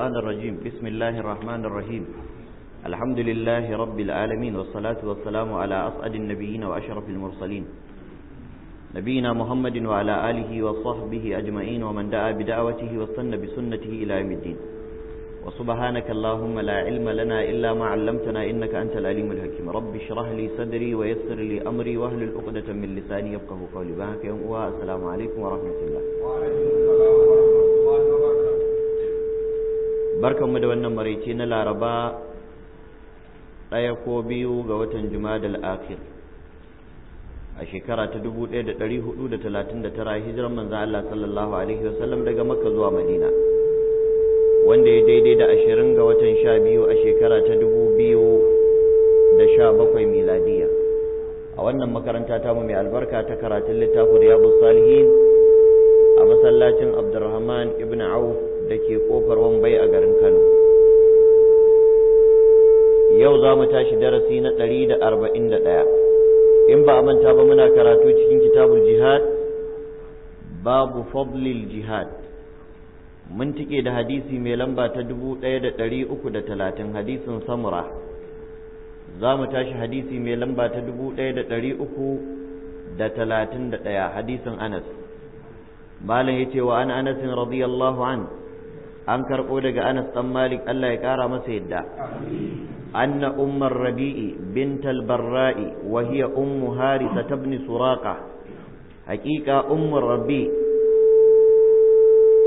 الشيطان الرجيم بسم الله الرحمن الرحيم الحمد لله رب العالمين والصلاة والسلام على أصعد النبيين وأشرف المرسلين نبينا محمد وعلى آله وصحبه أجمعين ومن دعا بدعوته واستنى بسنته إلى يوم الدين وسبحانك اللهم لا علم لنا إلا ما علمتنا إنك أنت العليم الحكيم رب اشرح لي صدري ويسر لي أمري وأهل العقدة من لساني يفقه قولي بها في السلام عليكم ورحمة الله وعليكم السلام ورحمة الله barkanmu da wannan maraice na laraba ɗaya ko biyu ga watan jumadal akhir a shekara ta dubu ɗaya da da da hudu talatin tara hijirar manzan Allah sallallahu alaihi wasallam daga makka zuwa madina wanda ya daidai da ashirin ga watan sha biyu a shekara ta dubu biyu da sha bakwai miladiya a wannan makaranta ta mu mai albarka ta karatun littafin riyabu salihin a masallacin abdurrahman ibn auf da ke kofar wambai a garin kano yau za mu tashi darasi na ɗari da arba'in da ɗaya in ba a manta ba muna karatu cikin kitabul jihad babu fadlil jihad mun tike da hadisi mai lamba ta dubu ɗaya da ɗari uku da talatin hadisin samura za mu tashi hadisi mai lamba ta dubu ɗaya da ɗari uku da talatin da ɗaya hadisin anas malam ya ce wa an anasin radiyallahu an an karɓo daga Anas ɗan Malik Allah ya ƙara masa yadda anna ummar rabi'i bintal barra'i wa hiya ummu harisa ibn suraqa haƙiƙa ummar rabi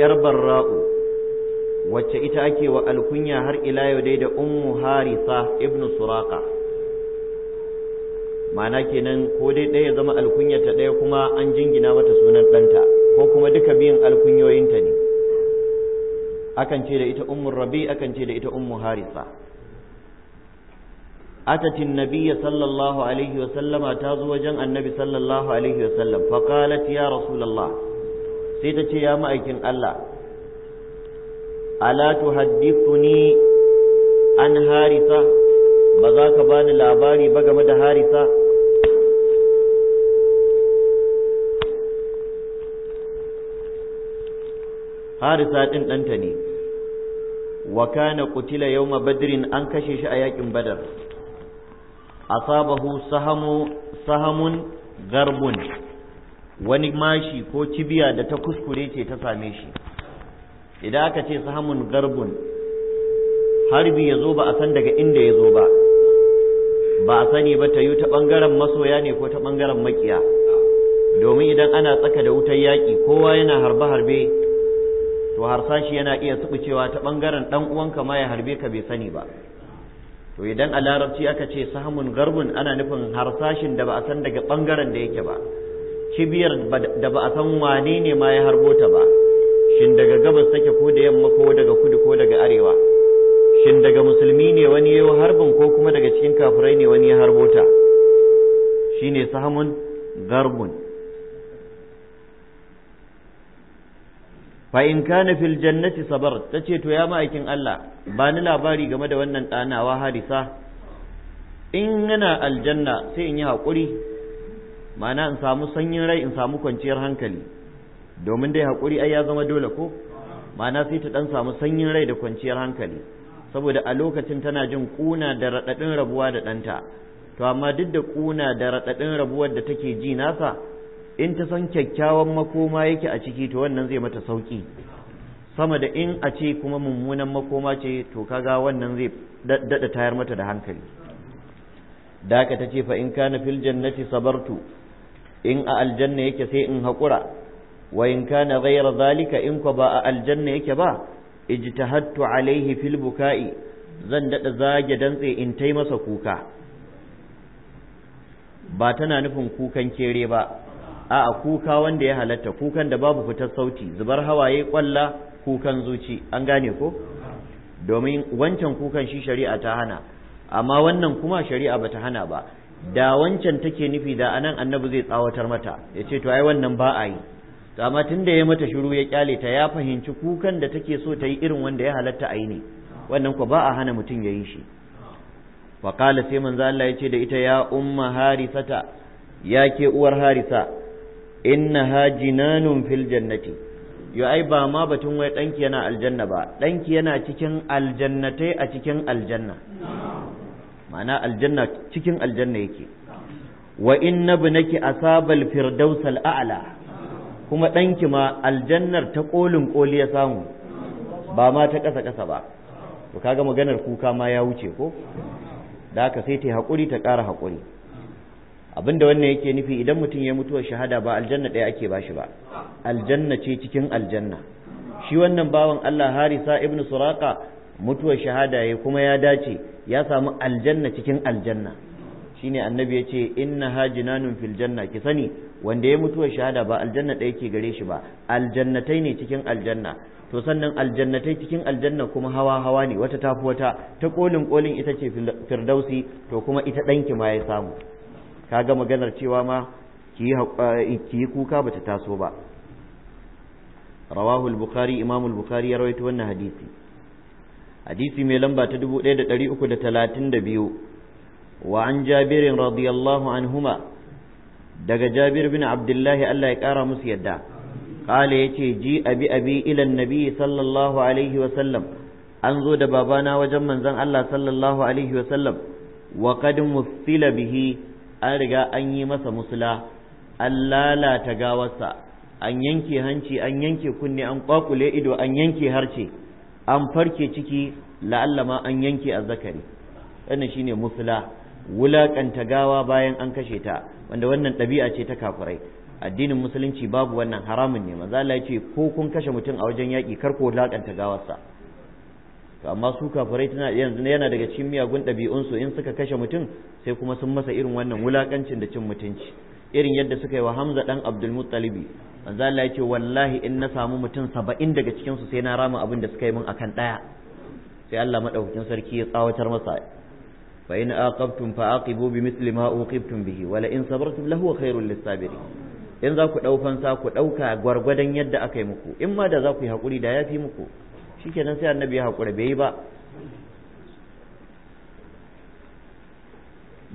yar barra'u wacce ita ake wa alkunya har ila yau dai da ummu harisa ibn Suraka? ma'ana kenan ko dai ɗaya ya zama ta ɗaya kuma an jingina mata sunan ɗanta ko kuma duka biyan alkunyoyinta ne akan ce da ita ummul rabi akan ce da ita ummu harisa atatin Nabiya sallallahu alaihi wa sallama ta zo wajen annabi sallallahu alaihi wa sallam fa ya rasulallah sai ta ce ya ma'aikin Allah ala ni an harisa ba za ka bani labari ba game da harisa harisa din ɗanta ne wa kana yauma yawma badrin an kashe shi a yakin badar asabahu sahamu sahamun garbun wani mashi ko cibiya da ta kuskure ce ta same shi idan aka ce sahamun garbun harbi ya zo ba a san daga inda ya zo ba ba a sani ba ta ta ɓangaren masoya ne ko ta ɓangaren makiya domin idan ana tsaka da wutar yaƙi kowa yana harbe-harbe to harsashi yana iya cewa ta bangaren dan uwanka ma ya harbe ka bai sani ba to idan a larabci aka ce sahmun garbun ana nufin harsashin da ba a san daga bangaren da yake ba cibiyar da ba a san wane ne ma ya harbo ta ba shin daga gabas take ko da yamma ko daga kudu ko daga arewa shin daga musulmi ne wani ya harbin ko kuma daga cikin kafirai ne wani ya harbo ta shine sahmun garbun fa in kana fil jannati sabar tace to ya ma'aikin Allah ba ni labari game da wannan ɗanawa harisa in yana aljanna sai in yi haƙuri ma'ana in samu sanyin rai in samu kwanciyar hankali domin dai haƙuri ai ya zama dole ko ma'ana sai ta dan samu sanyin rai da kwanciyar hankali saboda a lokacin tana jin kuna da raɗaɗin rabuwa da ɗanta to amma duk da kuna da raɗaɗin rabuwar da take ji nasa in ta san kyakkyawan makoma yake a ciki to wannan zai mata sauki sama da in a ce kuma mummunan makoma ce to kaga wannan zai daɗa tayar mata da hankali da ka ta ce fa in kana fil jannati sabartu in a aljanna yake sai in haƙura wa in kana ghayra zalika in ko ba a aljanna yake ba ijtahattu alaihi fil buka'i zan daɗa zage dantse in tai masa kuka ba tana nufin kukan kere ba a'a kuka wanda ya halatta kukan da babu fitar sauti zubar hawaye kwalla kukan zuci an gane ko domin wancan kukan shi shari'a ta hana amma wannan kuma shari'a bata hana ba da wancan take nufi da anan annabi zai tsawatar mata ya ce to ai wannan ba a yi to amma tunda ya mata shiru ya kyale ta ya fahimci kukan da take so ta yi irin wanda ya halatta a yi ne wannan ko ba a hana mutum ya yi shi wa qala sai manzo Allah ya ce da ita ya umma harisata ya ke uwar harisa innaha jinanun fil jannati yo ai ba ma batun wai danki yana aljanna ba danki yana cikin aljannatai a cikin aljanna ma'ana aljanna cikin aljanna yake wa inna ibnaki asabal firdaus al a'la kuma danki ma aljannar ta kolin koli ya samu ba ma ta kasa kasa ba to kaga maganar kuka ma ya wuce ko da haka sai ta hakuri ta ƙara hakuri Abin da wannan yake nufi idan mutum ya mutuwa shahada ba aljanna ɗaya ake bashi ba aljanna ce cikin aljanna shi wannan bawan Allah Harisa ibn Suraka mutuwar shahada ya kuma ya dace ya samu aljanna cikin aljanna shine annabi ya ce inna hajinanun fil janna ki sani wanda ya mutuwar shahada ba aljanna ɗaya ke gare shi ba aljannatai ne cikin aljanna to sannan aljannatai cikin aljanna kuma hawa hawa ne wata tafi wata ta kolin kolin ita ce firdausi to kuma ita ɗanki ma ya samu kaga maganar cewa ma ki yi eh, kuka bata taso ba rawahul al-bukhari imam bukhari ya rawaito wannan hadisi hadisi mai lamba ta dubu ɗaya da da biyu wa an jabirin radiyallahu anhuma daga jabir bin abdullahi Allah ya kara musu yadda ya ce ji abi abi ila annabi sallallahu alaihi wa sallam an zo da babana wajen manzon Allah sallallahu alaihi wa sallam wa an riga an yi masa musula an lalata gawarsa an yanke hanci an yanke kunne an kwakule ido an yanke harce an farke ciki la'alla an yanke azzakari wannan shine musula wulakanta gawa bayan an kashe ta wanda wannan ɗabi'a ce ta kafirai addinin musulunci babu wannan haramun ne maza Allah ya ko kun kashe mutum a wajen yaki kar ku wulakanta gawarsa to amma su kafirai tana yanzu yana daga cikin miyagun ɗabi'unsu in suka kashe mutum sai kuma sun masa irin wannan wulakancin da cin mutunci irin yadda suka yi wa Hamza dan Abdul Muttalibi manzo Allah yake wallahi in na samu mutum saba'in daga cikin su sai na rama abin da suka yi min akan daya sai Allah madaukakin sarki ya tsawatar masa fa in aqabtum fa aqibu misli ma uqibtum bihi wala in sabartum lahu khairul lisabiri in za ku dau fansa ku dauka gwargwadon yadda aka yi muku in ma da za ku yi hakuri da yafi muku shikenan sai annabi ya haƙura bai yi ba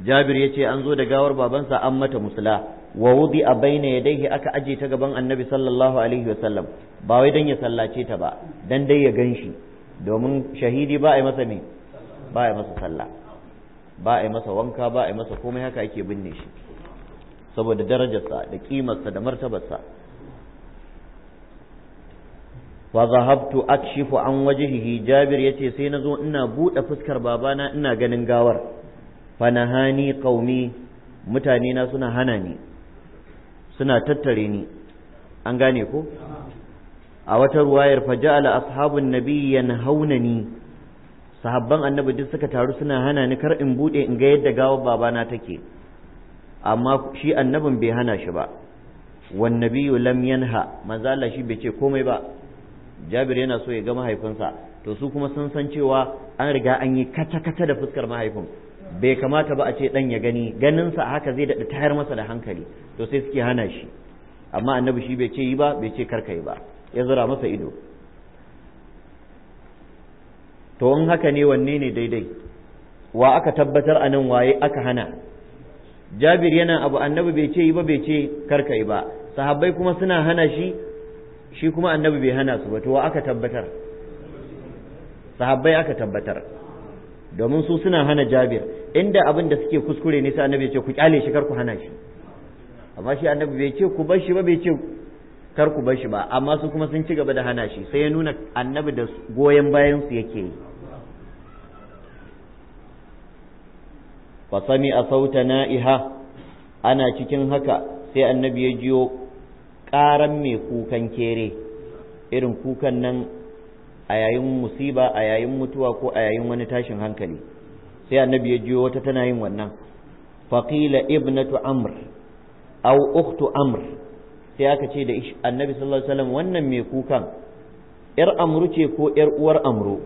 jabir ya ce an zo da gawar babansa an mata musula wa wudi a baina ya daihi aka aje ta gaban annabi sallallahu alaihi wasallam ba wai don ya sallace ta ba don dai ya gan shi domin shahidi ba a yi masa ne ba a yi masa sallah ba a yi masa wanka ba a yi masa komai haka ake binne shi saboda darajarsa da kimarsa da martabarsa fa zahabtu akshifu an wajhihi jabir yace sai nazo ina bude fuskar babana ina ganin gawar fa nahani qaumi mutane na suna hana ni suna tattare ni an gane ko a wata ruwayar fa ja'ala ashabun nabiyyan yanhaunani sahabban annabi duk suka taru suna hana ni kar in bude in ga yadda gawar babana take amma shi annabin bai hana shi ba wan nabiyyu lam yanha manzo shi bai ce komai ba jabir yana so ya ga mahaifinsa to su kuma sun san cewa an riga an yi kata-kata da fuskar mahaifin bai kamata ba a ce dan ya gani ganinsa haka zai daɗa tayar masa da hankali to sai suke hana shi amma annabi shi bai ce yi ba bai ce karka yi ba ya zura masa ido to in haka ne wanne ne daidai wa aka tabbatar a nan waye aka hana jabir yana abu annabi bai ce yi ba bai ce karka yi ba sahabbai kuma suna hana shi shi kuma annabi bai hana su ba to aka tabbatar sahabbai aka tabbatar domin su suna hana jabir inda abin da suke kuskure ne sai annabi ya ce ku kyale shi kar ku hana shi amma shi annabi bai ce ku bar shi ba bai ce kar ku bar shi ba amma su kuma sun ci gaba da hana shi sai ya nuna annabi da goyon bayan su yake yi fa sami a sauta na'iha ana cikin haka sai annabi ya jiyo ƙaran mai kukan kere irin kukan nan a yayin musiba a yayin mutuwa ko a yayin wani tashin hankali sai annabi ya jiyo wata tana yin wannan faqila ibnatu amr aw ukhtu amr sai aka ce da annabi sallallahu alaihi wasallam wannan mai kukan yar amru ce ko yar uwar amru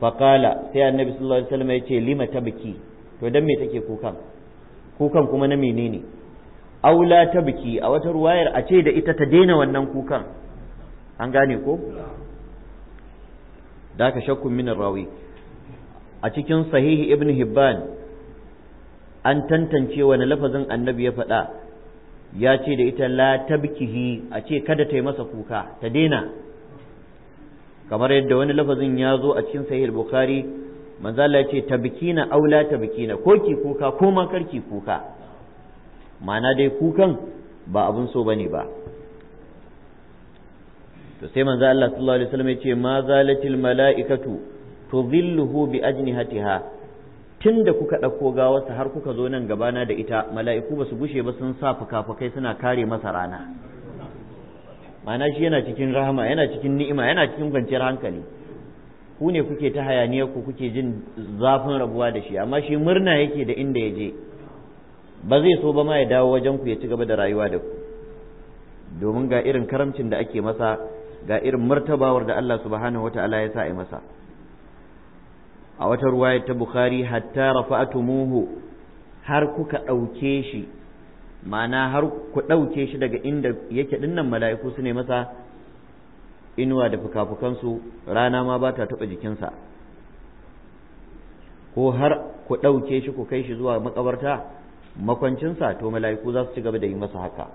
faqala sai annabi sallallahu alaihi wasallam ya ce lima tabki to dan me take kukan kukan kuma na menene aula ta biki a wata ruwayar a ce da ita ta daina wannan kukan an gane ko da ka shakkun min rawi a cikin sahihi ibn hibban an tantance wani lafazin annabi ya faɗa ya ce da ita la tabkihi a ce kada ta yi masa kuka ta daina kamar yadda wani lafazin ya zo a cikin sahih bukhari manzo Allah ya ce tabkina Aula tabkina ko ki kuka ko ma karki kuka ma'ana dai kukan ba abun so bane ba to sai manzo Allah sallallahu alaihi wasallam ya ce ma zalatil mala'ikatu tudhilluhu bi ajnihatiha tunda kuka kuka ga wasa har kuka zo nan gabana da ita mala'iku ba su gushe ba sun sa fuka-fukai suna kare masa rana Ma'ana shi yana cikin rahama yana cikin ni'ima yana cikin kwanciyar hankali ku ne kuke ta hayaniyar ku kuke jin zafin rabuwa da shi amma shi murna yake da inda ya je ba zai so ba ma ya dawo wajen ku ya ci gaba da rayuwa da ku domin ga irin karamcin da ake masa ga irin martabawar da Allah subhanahu wata'ala ya sa a masa a wata ruwaya ta bukhari hatta rafa'atumuhu har kuka ɗauke shi ma'ana har ku ɗauke shi daga inda yake dinnan mala'iku su ne masa inuwa da fukafukansu rana ma ba ta taɓa jikinsa ko har ku ɗauke shi ku kai shi zuwa makabarta makwancinsa to mala'iku za su ci gaba da yi masa haka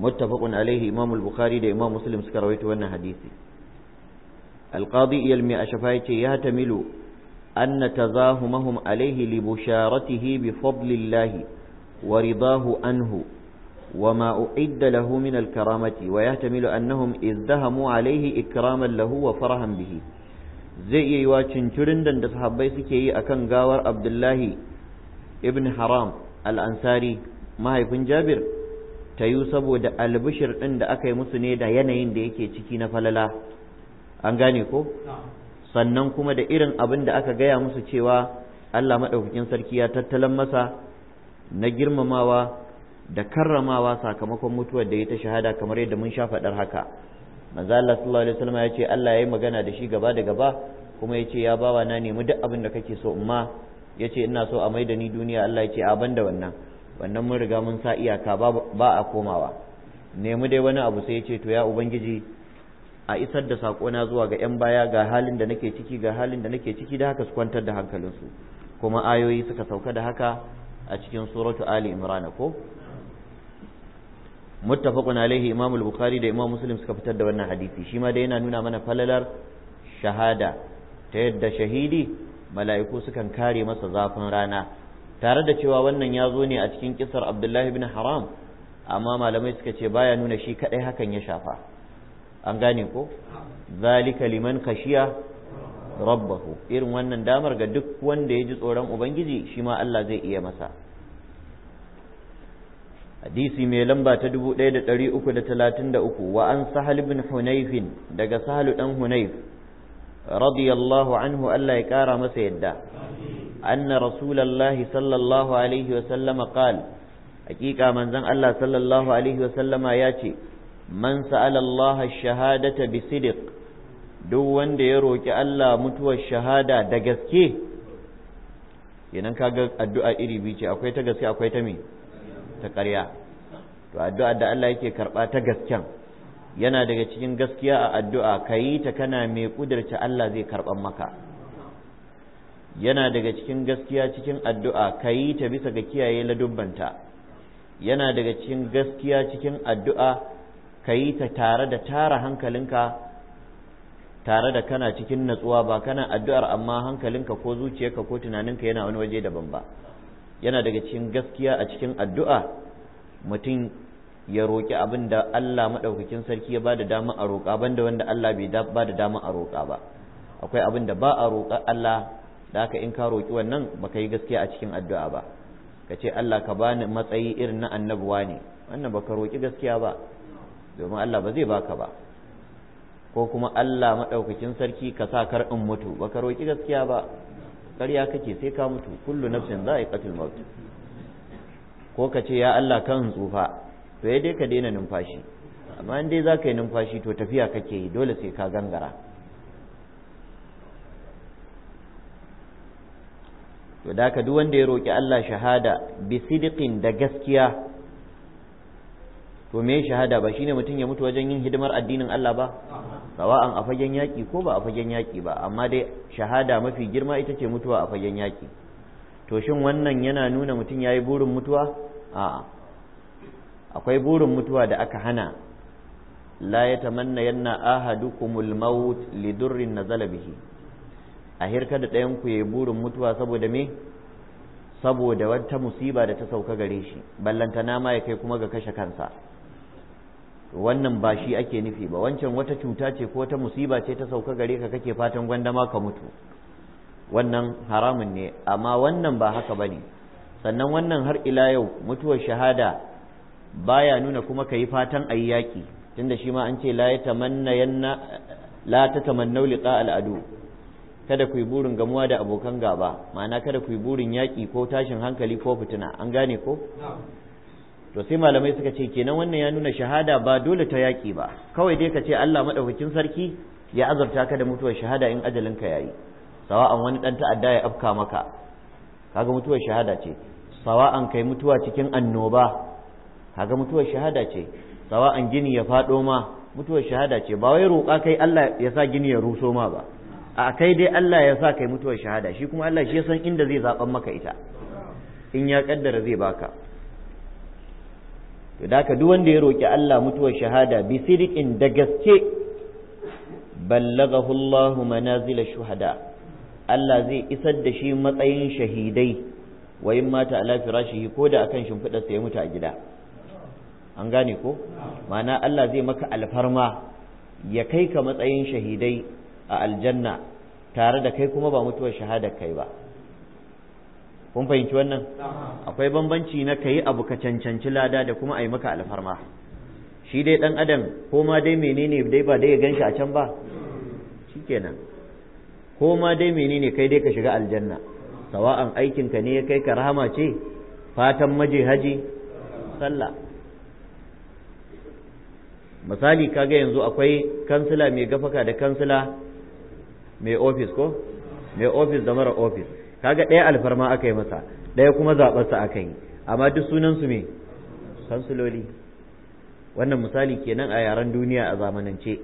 muttafaqun alaihi imam al da imam muslim suka rawaito wannan hadisi al-qadi yalmi ashafa yace ya tamilu anna tazahumahum alaihi li busharatihi bi fadlillah wa ridahu anhu wa ma u'idda lahu min al-karamati wa yahtamilu annahum izdahamu alaihi ikraman lahu wa farahan bihi zai iya yiwa cincirin da sahabbai suke yi akan gawar abdullahi ibn haram al'ansari mahaifin jabir ta yi saboda albishir ɗin da aka yi musu ne da yanayin da yake ciki na falala an gane ko sannan kuma da irin abin da aka gaya musu cewa allah maɗaukakin sarki ya tattalan masa na girmamawa da karramawa sakamakon mutuwar da ya ta shahada kamar yadda mun sha faɗar haka manzo Allah sallallahu alaihi wasallam ya ce Allah ya yi magana da shi gaba da gaba kuma ya ce ya bawa na nemi duk abin da kake so amma ya ce ina so a maida ni duniya Allah ya ce a banda wannan wannan mun riga mun sa iyaka ba a komawa nemi dai wani abu sai ya ce to ya ubangiji a isar da sakona zuwa ga 'yan baya ga halin da nake ciki ga halin da nake ciki da haka su kwantar da hankalinsu kuma ayoyi suka sauka da haka a cikin suratu ali imran ko muttafaqun alaihi imam al-bukhari da imam muslim suka fitar da wannan hadisi shi ma dai yana nuna mana falalar shahada ta yadda shahidi mala'iku sukan kare masa zafin rana tare da cewa wannan ya zo ne a cikin kisar abdullahi bin haram amma malamai suka ce baya nuna shi kadai hakan ya shafa an gane ko zalika liman kashiya rabbahu irin wannan damar ga duk wanda ya ji tsoron ubangiji shi ma Allah zai iya masa hadisi mai lamba ta 1333 wa an sahal bin hunayf daga sahal dan hunayf radiyallahu anhu Allah ya kara masa yadda anna rasulullahi sallallahu alaihi wa sallama qala hakika manzon Allah sallallahu alaihi wa sallama ya ce mansa sa'ala shahadata bi sidq duk wanda ya roki Allah mutuwar shahada da gaske kenan kaga addu'a iri biyu ce akwai ta gaske akwai ta me to addu'a da Allah yake karba ta gasken yana daga cikin gaskiya a addu'a ka yi ta kana mai ƙudurci Allah zai karɓar maka yana daga cikin gaskiya cikin addu'a ka yi ta bisa ga kiyaye ladubbanta yana daga cikin gaskiya cikin addu'a ka yi ta tare da tara hankalinka tare da kana cikin natsuwa ba kana addu'ar amma hankalinka ko zuciyarka ko tunaninka yana wani waje daban ba yana daga cikin gaskiya a cikin addu'a mutum ya roƙi abin da Allah maɗaukakin sarki ya ba da dama a roƙa banda wanda Allah bai ba da dama a roƙa ba akwai abin da ba a roƙa Allah da aka in ka roƙi wannan baka yi gaskiya a cikin addu'a ba ka ce Allah ka bani matsayi irin na annabuwa ne wannan baka roƙi gaskiya ba domin Allah ba zai baka ba ko kuma Allah maɗaukakin sarki ka sa kar in mutu baka roƙi gaskiya ba ƙarya kake sai ka mutu kullu nafsin za'iqatul maut ko ka ce ya Allah kan tsufa to ya dai ka daina numfashi amma in dai za ka yi numfashi to tafiya kake yi dole sai ka gangara to da ka duk wanda ya roƙi Allah shahada bi sidiqin da gaskiya to me shahada ba shine mutum ya mutu wajen yin hidimar addinin Allah ba sawa'an a fagen yaƙi ko ba a fagen yaƙi ba amma dai shahada mafi girma ita ce mutuwa a fagen yaƙi to shin wannan yana nuna mutum ya yi burin mutuwa a'a akwai burin mutuwa da aka hana la ya tamanna yanna ahadukumul maut lidurrin nazala bihi a hirka da ɗayan ku yayi burin mutuwa saboda me saboda wata musiba da ta sauka gare shi ballantana ma ya kai kuma ga kashe kansa wannan ba shi ake nufi ba wancan wata cuta ce ko wata musiba ce ta sauka gare ka kake fatan gwandama ka mutu wannan haramun ne amma wannan ba haka bane sannan wannan har ila yau mutuwar shahada baya nuna kuma ka yi fatan ayi yi yaƙi tunda shi ma an ce la ya tamanna yanna ta tamannau liqa al'adu kada ku yi burin gamuwa da abokan gaba ma'ana kada ku yi burin yaƙi ko tashin hankali ko fitina an gane ko to sai malamai suka ce kenan wannan ya nuna shahada ba dole ta yaƙi ba kawai dai ka ce Allah madaukakin sarki ya azurta ka da mutuwar shahada in ka yayi sawa'an wani dan ta'adda ya afka maka kaga mutuwar shahada ce sawa'an kai mutuwa cikin annoba kaga mutuwar shahada ce sawa'an gini ya fado ma mutuwar shahada ce ba wai roƙa kai Allah ya sa gini ya ruso ma ba a kai dai Allah ya sa kai mutuwar shahada shi kuma Allah shi ya san inda zai zaɓan maka ita in ya kaddara zai baka to da ka duk wanda ya roƙi Allah mutuwar shahada bi sidiqin da gaske ballagahu Allah manazil shuhada Allah zai isar da shi matsayin shahidai wa yin mata ala firashihi ko da akan shimfidarsa ya mutu a gida an gane ko ma'ana Allah zai maka alfarma ya kai ka matsayin shahidai a aljanna tare da kai kuma ba mutuwar shahada kai ba kun fahimci wannan akwai bambanci na kayi abu ka cancanci lada da kuma a yi maka alfarma shi dai dan adam ko ma dai menene dai ba dai ya ganshi a can ba shikenan ko ma dai menene kai dai ka shiga aljanna sawa'an aikinka ne ya kai ka rahama ce fatan maje haji sallah misali kaga yanzu akwai kansila mai gafaka da kansila mai ofis ko mai ofis da mara ofis kaga ɗaya alfarma aka yi masa ɗaya kuma zaɓarsa aka yi amma duk sunansu me kansiloli wannan misali kenan a yaren duniya a zamanance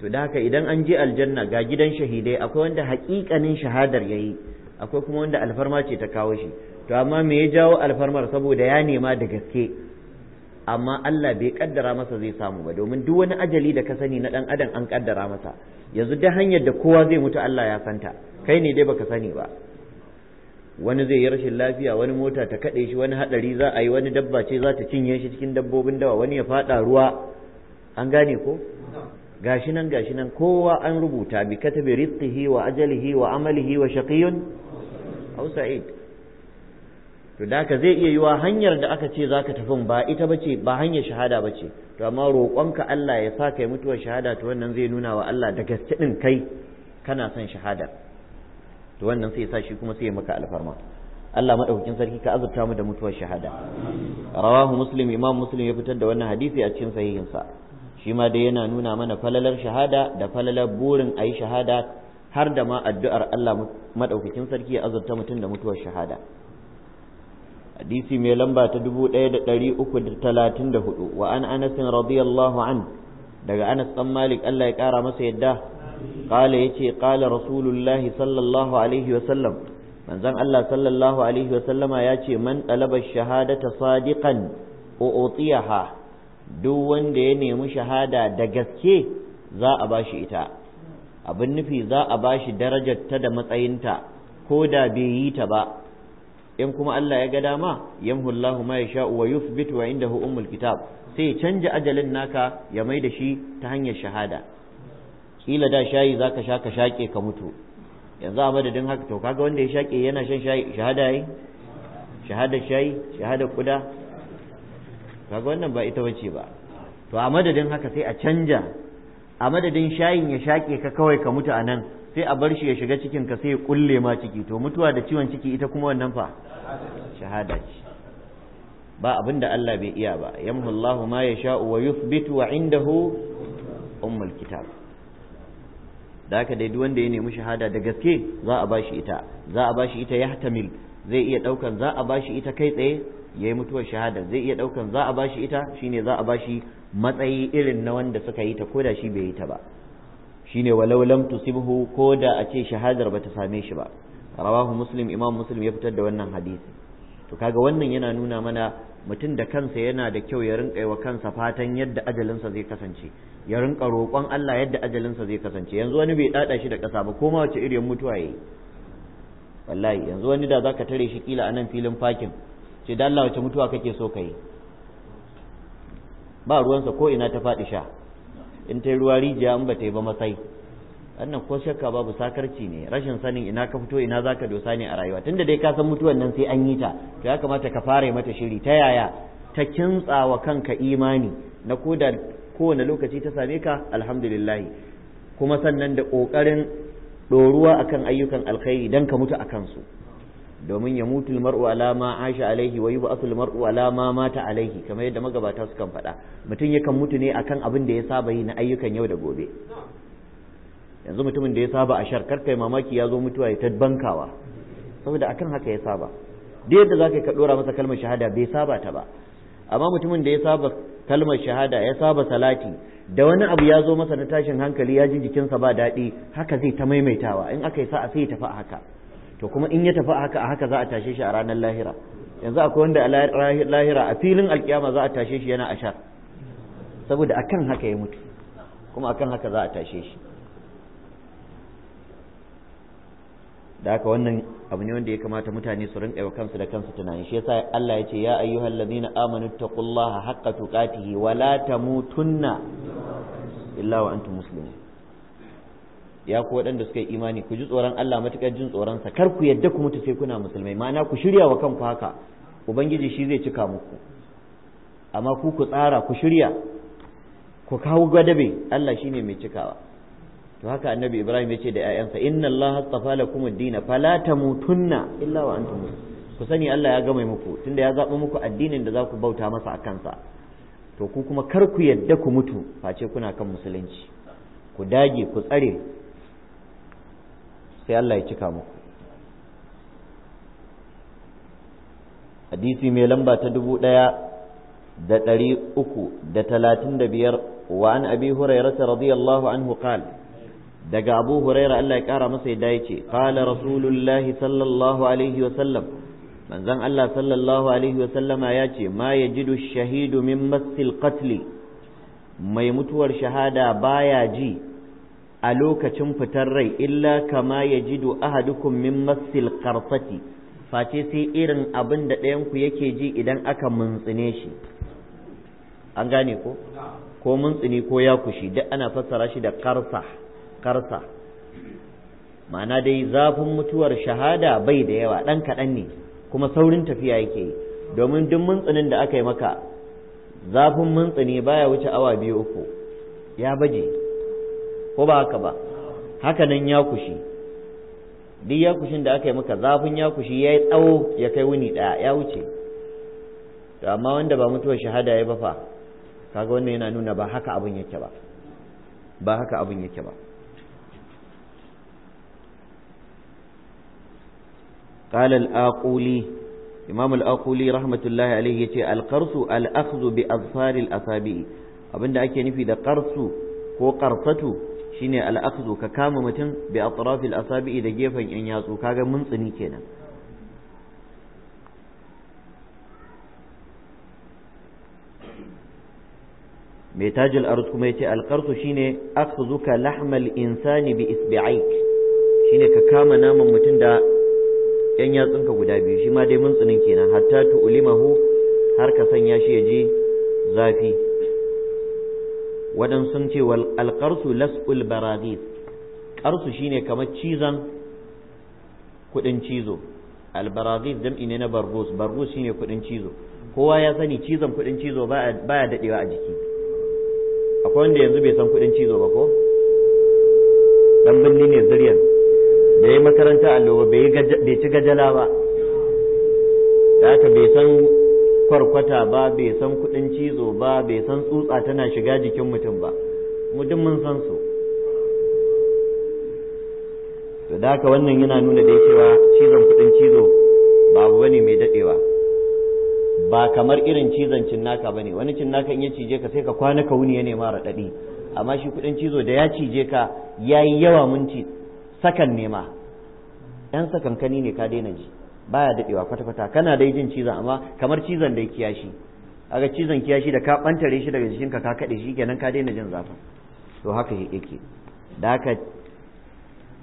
to da haka idan an je aljanna ga gidan shahidai akwai wanda haƙiƙanin shahadar ya yi akwai kuma wanda alfarma ce ta kawo shi to amma me ya jawo alfarmar saboda ya nema da gaske amma Allah bai kaddara masa zai samu ba domin duk wani ajali da ka sani na dan adam an kaddara masa yanzu da hanyar da kowa zai mutu Allah ya santa kai ne dai baka sani ba wani zai yi rashin lafiya wani mota ta kaɗe shi wani hadari za a yi wani dabba ce za ta cinye shi cikin dabbobin dawa wani ya fada ruwa an gane ko gashi nan gashi nan kowa an rubuta bi katabi rizqihi wa ajalihi wa amalihi wa shaqiyun aw sa'id to da ka zai iya yiwa hanyar da aka ce za ka tafi ba ita bace ba hanyar shahada bace to amma roƙonka Allah ya sa ka yi mutuwar shahada to wannan zai nuna wa Allah da gaske din kai kana son shahada to wannan sai sa shi kuma sai ya maka alfarma Allah madaukakin sarki ka azurta mu da mutuwar shahada rawahu muslim imam muslim ya fitar da wannan hadisi a cikin sahihin shi ma dai yana nuna mana falalar shahada da falalar burin ayi shahada har da ma addu'ar Allah maɗaukakin sarki ya azurta mutum da mutuwar shahada hadisi mai lamba ta dubu da 1334 wa an anas radiyallahu an daga anas dan malik Allah ya kara masa yadda qala yace qala rasulullah sallallahu alaihi wa sallam manzon Allah sallallahu alaihi wa sallama yace man talaba shahadata sadiqan u'tiyaha duk wanda ya nemi shahada da gaske za a bashi ita abin nufi za a bashi darajar ta da matsayinta ko da bai yi ta ba in kuma Allah ya ga dama yamhu Allahu ma yasha'u wa yuthbitu wa indahu ummul kitab sai ya canja ajalin naka ya mai da shi ta hanyar shahada kila da shayi zaka sha ka shake ka mutu yanzu a madadin haka to kaga wanda ya shake yana shan shayi shahada yayi shahada shayi shahada kuda kaga wannan ba ita bace ba to a madadin haka sai a canja a madadin shayin ya shake ka kawai ka mutu anan. sai a bar shi ya shiga cikin ka sai ya kulle ma ciki to mutuwa da ciwon ciki ita kuma wannan fa shahada ce ba abin da Allah bai iya ba yamhu Allahu ma yasha'u wa yuthbitu wa indahu ummul kitab da haka dai duk wanda ya nemi shahada da gaske za a bashi ita za a bashi ita yahtamil zai iya daukan za a bashi ita kai tsaye yayi mutuwar shahada zai iya daukan za a bashi ita shine za a bashi matsayi irin na wanda suka yi ta koda shi bai yi ta ba shine walau lam tusibhu ko da a ce shahadar bata same shi ba rawahu muslim imam muslim ya fitar da wannan hadisi to kaga wannan yana nuna mana mutum da kansa yana da kyau ya rinka wa kansa fatan yadda ajalinsa zai kasance ya rinka roƙon Allah yadda ajalinsa zai kasance yanzu wani bai dada shi da ƙasa ba koma wace irin mutuwa yayi wallahi yanzu wani da zaka tare shi kila a nan filin fakin ce da Allah wace mutuwa kake so kai ba ruwansa ko ina ta faɗi sha in ta yi ruwa rijiya in ba ta yi ba matsayi wannan ko shakka babu sakarci ne rashin sanin ina ka fito ina zaka dosa ne a rayuwa tunda dai ka san mutuwan nan sai an yi ta to ya kamata ka fara mata shiri ta yaya ta kintsawa kanka imani na koda kowane lokaci ta same ka alhamdulillah kuma sannan da kokarin doruwa akan ayyukan alkhairi dan ka mutu akan su domin ya mutu mar'u ala ma alaihi wa yub'athu mar'u ala ma mata alaihi kamar yadda magabata sukan faɗa mutum yakan mutu ne akan abin da ya saba yi na ayyukan yau da gobe yanzu mutumin da ya saba a shar karkai mamaki ya zo mutuwa ya ta bankawa saboda akan haka ya saba duk yadda zaka ka dora masa kalmar shahada bai saba ta ba amma mutumin da ya saba kalmar shahada ya saba salati da wani abu ya zo masa na tashin hankali ya ji jikinsa ba daɗi haka zai ta maimaitawa in aka yi sa'a sai ya tafi a haka to kuma in ya tafi haka a haka za a tashe shi a ranar lahira yanzu akwai wanda a lahira a filin alkiyama za a tashe shi yana ashar saboda akan haka ya mutu kuma akan haka za a tashe shi da haka wannan abu ne wanda ya kamata mutane su rinka wa kansu da kansu tunani shi yasa Allah ya ce ya ayyuhal ladina amanu taqullaha haqqa tuqatihi wa la tamutunna illa wa antum muslimun ya ku waɗanda suka yi imani ku ji tsoron Allah matuƙar jin tsoronsa kar ku yadda ku mutu sai kuna musulmai ma'ana ku shirya wa kanku haka ubangiji shi zai cika muku amma ku ku tsara ku shirya ku kawo gwadabe Allah shi ne mai cikawa to haka annabi Ibrahim ya ce da ƴaƴansa inna Allah astafa lakum ad dina fala tamutunna illa wa antum ku sani Allah ya gama muku tunda ya zaɓi muku addinin da za ku bauta masa a kansa to ku kuma kar ku yadda ku mutu face kuna kan musulunci ku dage ku tsare sai Allah ya cika muku hadisi mai lamba ta dubu ɗaya da ɗari uku da talatin da biyar wa an abi hurairata radiyallahu anhu qala daga abu huraira Allah ya kara masa yadda ya ce kala rasulullahi sallallahu alaihi wasallam manzan Allah sallallahu alaihi wasallama ya ce ma ya ji shahidu min masil katli mai mutuwar shahada baya ji a lokacin fitar rai illa kama ya jido ahadukum min masil karsati face sai irin abin da ɗayanku yake ji idan aka muntsine shi an gane ko ko muntsini ko ya kushi duk ana fassara shi da karsa karsa ma'ana dai zafin mutuwar shahada bai da yawa ɗan kaɗan ne kuma saurin tafiya yake yi domin duk muntsinin da aka yi maka zafin muntsini baya wuce awa biyu uku ya baje ko ba haka ba haka nan ya kushi duk ya kushin da aka yi maka zafin ya kushi ya yi tsawo ya kai wuni ɗaya ya wuce to amma wanda ba mutuwar shahada ya bafa kaga wannan yana nuna ba haka abin yake ba ba haka abin yake ba قال الآقولي إمام الآقولي رحمة الله عليه يتي القرص الأخذ بأظفار الأصابع أبن أكي نفي ذا قرص هو قرصة shine al'akzu ka kama mutum bi atrafil asabi'i da gefen yan yatsu kaga mun tsini kenan mai tajil arut kuma yace alqarsu shine akhdhuka lahmal insani bi isbi'aik shine ka kama naman mutum da yan yatsun ka guda biyu shi ma dai mun tsinin kenan hatta tu'limahu har ka sanya shi ya ji zafi wadan sun ce wal alqarsu las'ul baradis qarsu shine kamar cizon kudin cizo albaradis jam'i ne na barbus barbus shine kudin cizo kowa ya sani cizon kudin cizo baya dadewa a jiki akwai wanda yanzu bai san kudin cizo ba ko dan birni ne zuriyar da ya makaranta allo bai ci gajala ba da aka bai san kwarkwata ba bai san kudin cizo ba bai san tsutsa tana shiga jikin mutum ba mu duk mun san su to da haka wannan yana nuna dai cewa cizon kudin cizo ba abu mai dadewa ba kamar irin cizon cinnaka bane wani cinnaka in ya cije ka sai ka kwana ka wuni ya nema raɗaɗi amma shi kudin cizo da ya cije ka yayi yawa minti sakan nema yan sakankani ne ka daina ji baya dadewa kwata-kwata kana dai jin cizon amma kamar cizon dai kiyashi aga cizon kiyashi da ka bantare shi daga jikinka ka kade shi kenan ka daina jin zafin to haka yake da haka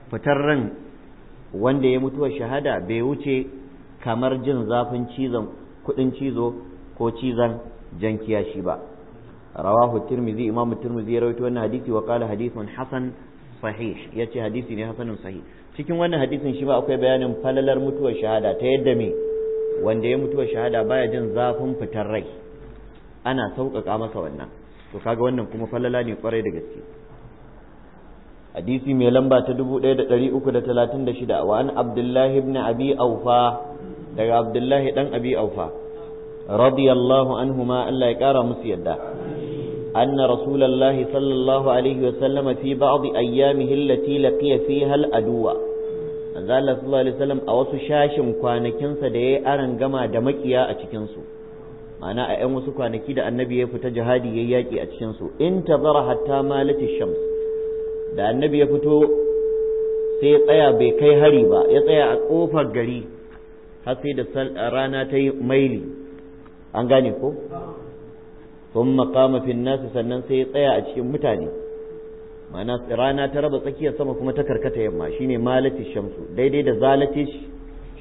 fitar ran wanda ya mutuwa shahada bai wuce kamar jin zafin cizon kudin cizo ko cizon jan kiyashi ba rawahu tirmizi imamu tirmizi ya rawaito wannan hadisi wa kala hadisun hasan sahih ya ce hadisi ne hasanun sahih cikin wannan hadisin shi ma akwai bayanin falalar mutuwar shahada ta yadda me wanda ya mutuwar shahada baya jin zafin fitar rai ana sauƙaƙa masa wannan to kaga wannan kuma falala ne kwarai da gaske hadisi mai lamba ta 1336 wa an abdullahi ibn abi aufa daga abdullahi dan abi aufa radiyallahu anhuma Allah ya kara musu yadda أن رسول الله صلى الله عليه وسلم في بعض أيامه التي لقي فيها الأدوة قال صلى الله عليه وسلم أوس شاشم كوانكين سدي أرن جما دمكيا أتكنسو أنا أيام سكوان كده النبي يفتج هذه يياكي أتكنسو انتظر حتى مالت الشمس da annabi ya fito sai ya tsaya bai kai hari ba ya tsaya a kofar gari har sai da rana ta yi maili an gane ko sun qama fi nasu sannan sai ya tsaya a cikin mutane ma'ana rana ta raba tsakiyar sama kuma ta karkata yamma shine malati shamsu daidai da zalati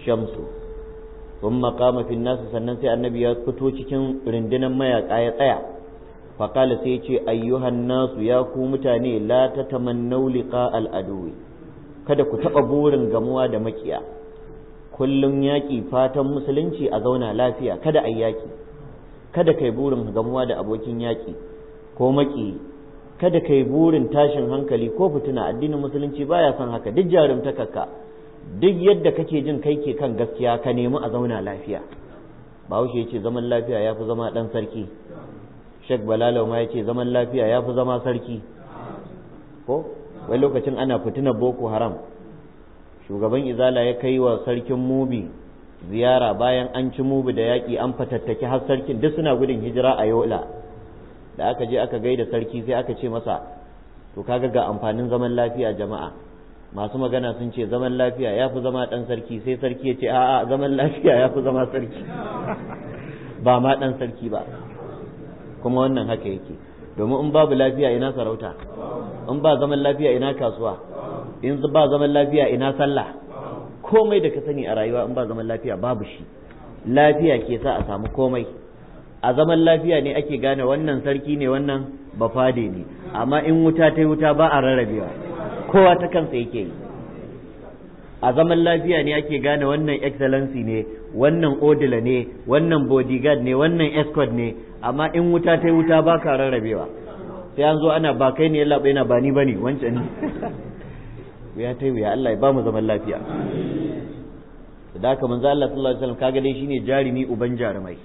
shamsu sun qama fi nasu sannan sai annabi ya fito cikin rundunan mayaka ya tsaya faƙala sai ce ayyuhan nasu ya ku mutane la ta tamannau liqa kada ku taɓa burin gamuwa da makiya kullum yaƙi fatan musulunci a zauna lafiya kada a yaƙi kada kai burin gamuwa da abokin yaƙi ko maƙi kada kai burin tashin hankali ko fituna addinin musulunci baya son haka duk jarumtakarka duk yadda kake jin kai ke kan gaskiya ka nemi a zauna lafiya bahaushe ya ce zaman lafiya ya fi zama ɗan sarki shek balalau ma ya ce zaman lafiya ya fi zama sarki ko wai lokacin ana fitinar boko haram shugaban izala ya kai wa sarkin mubi ziyara bayan an ci mubu da yaƙi an fatattaki har sarkin duk suna gudun hijira a yola da aka je aka gaida sarki sai aka ce masa to kaga ga amfanin zaman lafiya jama'a masu magana sun ce zaman lafiya ya fi zama ɗan sarki sai sarki ya ce a'a zaman lafiya ya fi zama sarki ba ma ɗan sarki ba kuma wannan haka yake domin in babu lafiya ina sarauta in ba zaman lafiya ina kasuwa in ba zaman lafiya ina sallah komai da ka sani a rayuwa in ba zaman lafiya babu shi lafiya ke sa a samu komai a zaman lafiya ne ake gane wannan sarki ne wannan bafade ne amma in wuta ta wuta ba a rarrabewa kowa ta kansa yake yi a zaman lafiya ne ake gane wannan excellency ne wannan odila ne wannan bodyguard ne wannan escort ne amma in wuta ta wuta ba ka rarrabewa sai an zo ana ba kai ne ya yana ba ni bane wancan ne wuya ta wuya Allah ya ba mu zaman lafiya da haka manzo Allah sallallahu alaihi wasallam kaga dai shine jarimi uban jarumai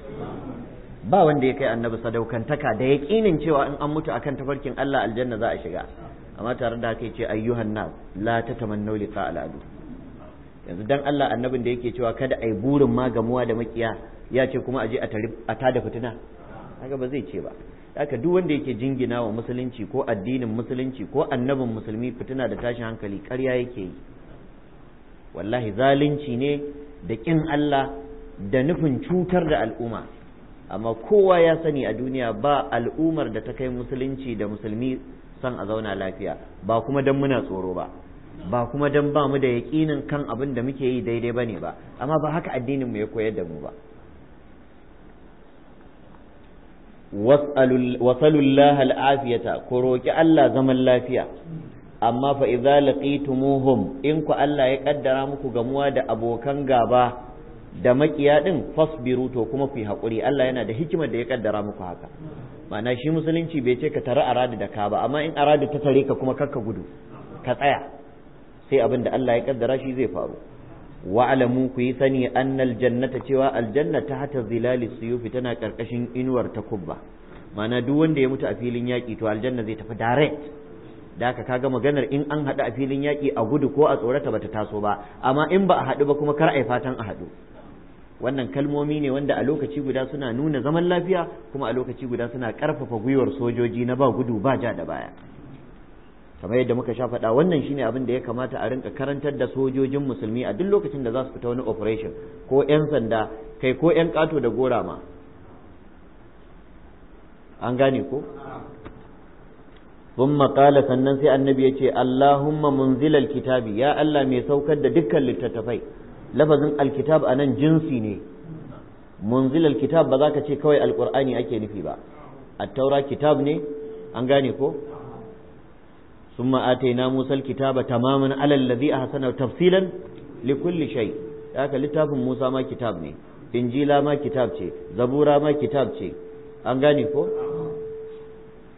ba wanda ya kai annabi sadaukantaka da yaqinin cewa in an mutu akan tafarkin Allah aljanna za a shiga amma tare da haka yace ayyuhan nas la tatamannu liqa al'adu yanzu dan Allah annabin da yake cewa kada a yi burin magamuwa da makiya ya ce kuma a je a tada fitina kaga ba zai ce ba haka duk wanda yake jingina wa musulunci ko addinin musulunci ko annabin musulmi fitina da tashin hankali ƙarya yake yi wallahi zalunci ne da ƙin Allah da nufin cutar da al'umma amma kowa ya sani a duniya ba al'ummar da ta kai musulunci da musulmi son a zauna lafiya ba kuma don muna tsoro ba ba kuma don ba mu da yaƙinin kan abin da muke yi daidai ba ne ba amma ba haka addinin mu ya koyar da mu ba Allah al'afiyata ku roƙi Allah zaman lafiya amma fa muhum in ku Allah ya ƙaddara muku gamuwa da abokan gaba da makiya ɗin fasbiru to kuma ku yi hakuri Allah yana da hikimar da ya ƙaddara muku haka ma'ana shi musulunci bai ce ka tare aradu da ka ba amma in aradu ta tare ka kuma ka gudu ka tsaya sai abin da Allah ya ƙaddara shi zai faru wa'alamu ku yi sani annal jannata cewa aljanna ta hata zilali suyufi tana karkashin inuwar kubba, mana duk wanda ya mutu a filin yaƙi to aljanna zai tafi direct da ka kaga maganar in an haɗu a filin yaƙi a gudu ko a tsorata bata taso ba amma in ba a haɗu ba kuma kar a yi fatan a haɗu wannan kalmomi ne wanda a lokaci guda suna nuna zaman lafiya kuma a lokaci guda suna ƙarfafa gwiwar sojoji na ba gudu ba ja da baya kamar yadda muka sha faɗa wannan shine abin da ya kamata a rinka karantar da sojojin musulmi a duk lokacin da za su fita wani operation ko 'yan sanda kai ko 'yan ƙato da gora ma an gane ko ثم قال sannan sai annabi ya ce Allahumma munzilal kitabi ya Allah mai saukar da dukkan littattafai lafazin alkitab anan jinsi ne munzilal kitab ba za ka ce kawai alqur'ani ake nufi ba at-taura kitab ne an gane ko ثم آتينا موسى الكتاب تماما على الذي أحسن تفصيلا لكل شيء haka littafin Musa ma kitab ne injila ma kitab ce zabura ma kitab ce an gane ko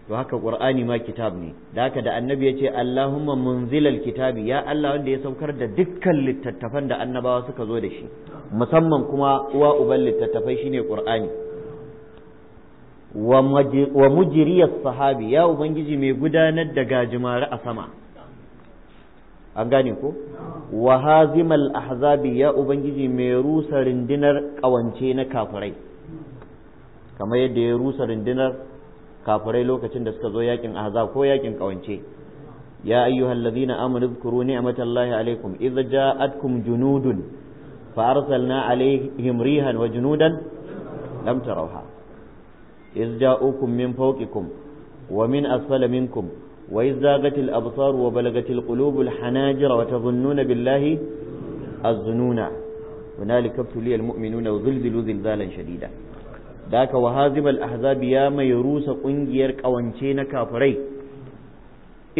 to haka qur'ani ma kitab ne da haka da annabi ya ce Allahumma munzilal kitabi ya Allah wanda ya saukar da dukkan littattafan da annabawa suka zo da shi musamman kuma uwa uban littattafai shine qur'ani wa mujiriyar sahabi ya ubangiji mai gudanar da gajimare a sama an gane ko wa hazimal ahzabi ya ubangiji mai rusa rindinar kawance na kafirai kamar yadda ya rusa rindinar kafirai lokacin da suka zo yakin ahzab ko yakin kawance ya ayyuhal ladina amanu dhkuru ni'matallahi alaikum idza ja'atkum junudun fa arsalna alaihim rihan wa junudan lam tarawha إذ جاءوكم من فوقكم ومن أسفل منكم وإذ زاغت الأبصار وبلغت القلوب الحناجر وتظنون بالله الظنون هنالك ابتلي المؤمنون وزلزلوا زلزالا شديدا ذاك وهازم الأحزاب يا ما يروس قنجير كوانشين كافري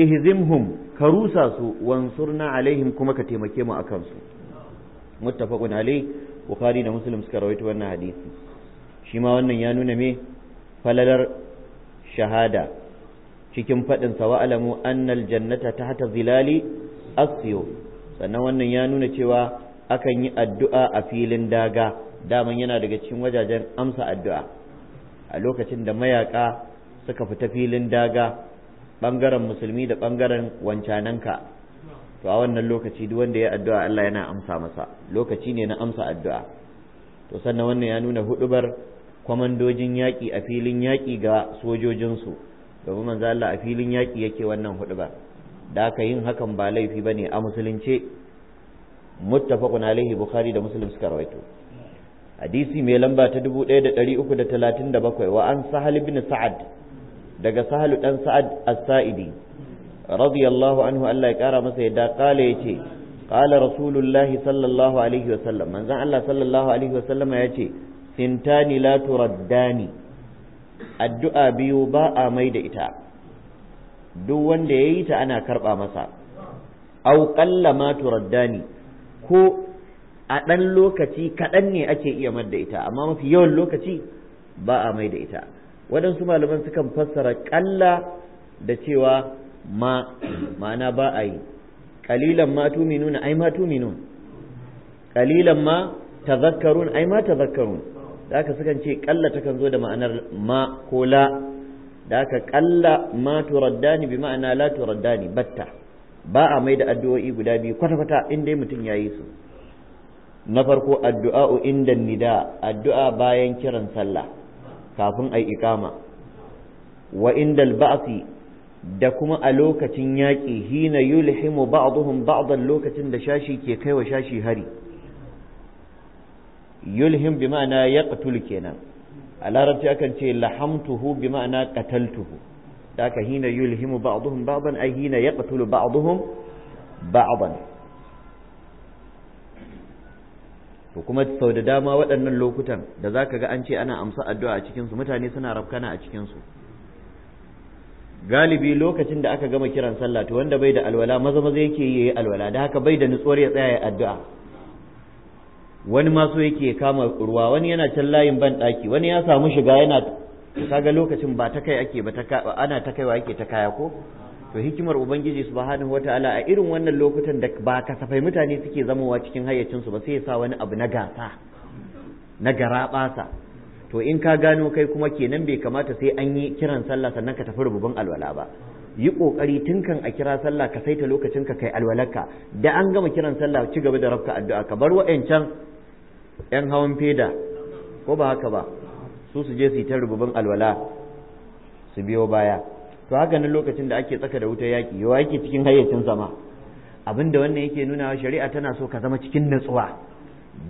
ihzimhum ka rusa su wansurna alaihim kuma ka taimake mu akan su muttafaqun alai bukhari da muslim suka rawaito wannan hadisi shi ma wannan ya nuna me falalar shahada cikin faɗin sa wa'alamu annal jannata ta hata zilali asiyo sannan wannan ya nuna cewa akan yi addu'a a filin daga daman yana daga cikin wajajen amsa addu'a a lokacin da mayaka suka fita filin daga ɓangaren musulmi da ɓangaren wancananka to a wannan lokaci duk wanda ya addu'a Allah yana amsa masa lokaci ne na amsa addu'a to sannan wannan ya nuna hudubar kwamandojin yaƙi a filin yaƙi ga sojojinsu domin manzo Allah a filin yaƙi yake wannan ba da aka yin hakan ba laifi ba ne a musulunce muttafaqun alaihi bukhari da muslim suka rawaito hadisi mai lamba ta 1337 wa an sahal ibn sa'ad daga sahal dan sa'ad as-sa'idi radiyallahu anhu Allah ya kara masa yadda kala yace kala rasulullahi sallallahu alaihi wasallam manzo Allah sallallahu alaihi wasallam yace sintani la turaddani addu'a biyu ba a mai da ita duk wanda ya yi ta ana karɓa masa au ƙalla ma turaddani ko a ɗan lokaci kaɗan ne ake iya mai da ita amma mafi yawan lokaci ba a mai da ita waɗansu malaman sukan fassara ƙalla da cewa ma ma'ana ba a yi ƙalilan ma minuna, ai ma minun, ƙalilan ma tazakkarun ai ma tazakkarun da aka sukan ce kalla takan zo da ma'anar ma ko la da aka kalla ma turaddani bi ma'ana la turaddani batta ba a mai da addu'o'i guda biyu kwata-kwata in dai mutum ya yi su na farko addu'a inda nida addu'a bayan kiran sallah kafin a ikama wa inda da kuma a lokacin yaƙi hina yulhimu ba'dhum ba'dan lokacin da shashi ke kaiwa shashi hari yulhim bi ma'ana yaqtul kenan a larabci akan ce lahamtuhu bi ma'ana qataltuhu da ka hina yulhimu ba'dhum ba'dan ay hina yaqtulu ba'dhum ba'dan to kuma sau da dama waɗannan lokutan da zaka ga an ce ana amsa addu'a a cikin su mutane suna rafkana a cikin su galibi lokacin da aka gama kiran sallah to wanda bai da alwala maza maza yake yi alwala da haka bai da nutsuwar ya tsaya ya addu'a wani ma so yake kama ruwa wani yana can layin ban daki wani ya samu shiga yana kaga lokacin ba ta kai ake ba ta ana ta kaiwa ake ta kaya ko to hikimar ubangiji subhanahu wataala a irin wannan lokutan da ba kasafai mutane suke zamowa cikin hayyacinsu ba sai ya sa wani abu na gasa na garaɓasa to in ka gano kai kuma kenan bai kamata sai an yi kiran sallah sannan ka tafi rububin alwala ba yi kokari tun kan a kira sallah ka saita lokacin ka kai alwalarka da an gama kiran sallah ci gaba da rabka addu'a ka bar wa'ancan 'yan hawan feda ko ba haka ba su su je su yi ta rububin alwala su biyo baya to haka nan lokacin da ake tsaka da wutar yaƙi yawa yake cikin hayyacin zama abin da wannan yake nuna shari'a tana so ka zama cikin natsuwa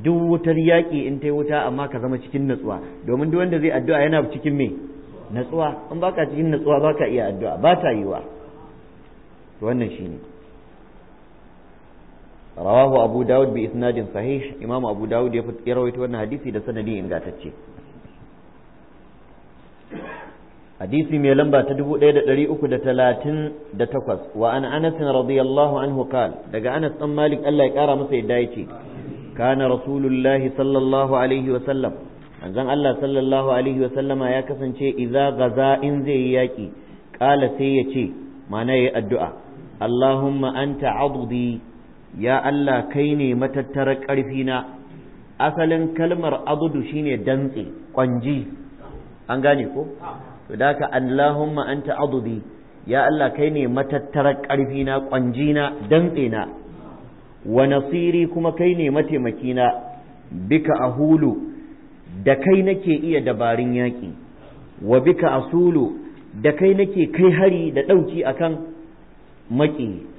duk wutar yaƙi in ta yi wuta amma ka zama cikin natsuwa domin duk wanda zai addu'a yana cikin me natsuwa in baka cikin natsuwa baka iya addu'a ba ta yiwa to wannan shine rawahu abu dawud bi isnadin sahih imamu abu dawud ya rawaito wannan hadisi da sanadi ingantacce hadisi mai lamba ta dubu da 1338 wa an anas radiyallahu anhu qala daga anas dan malik Allah ya kara masa yadda yace kana rasulullahi sallallahu alaihi wa sallam manzon Allah sallallahu alaihi wa sallama ya kasance idza gaza in zai yi yaki qala sai yace ma'ana yayi addu'a Allahumma an adudi ya Allah kai ne matattarar ƙarfina asalin kalmar abudu shine dantse ƙwanji an gane ko to da ka Allahumma anta adudi ya Allah kai ne matattarar na, kwanjina dantsena wa nasiri kuma kai ne mataimakina bika ahulu da kai nake iya dabarun yaƙi wa bika asulu da kai nake kai hari da ɗauki akan maƙi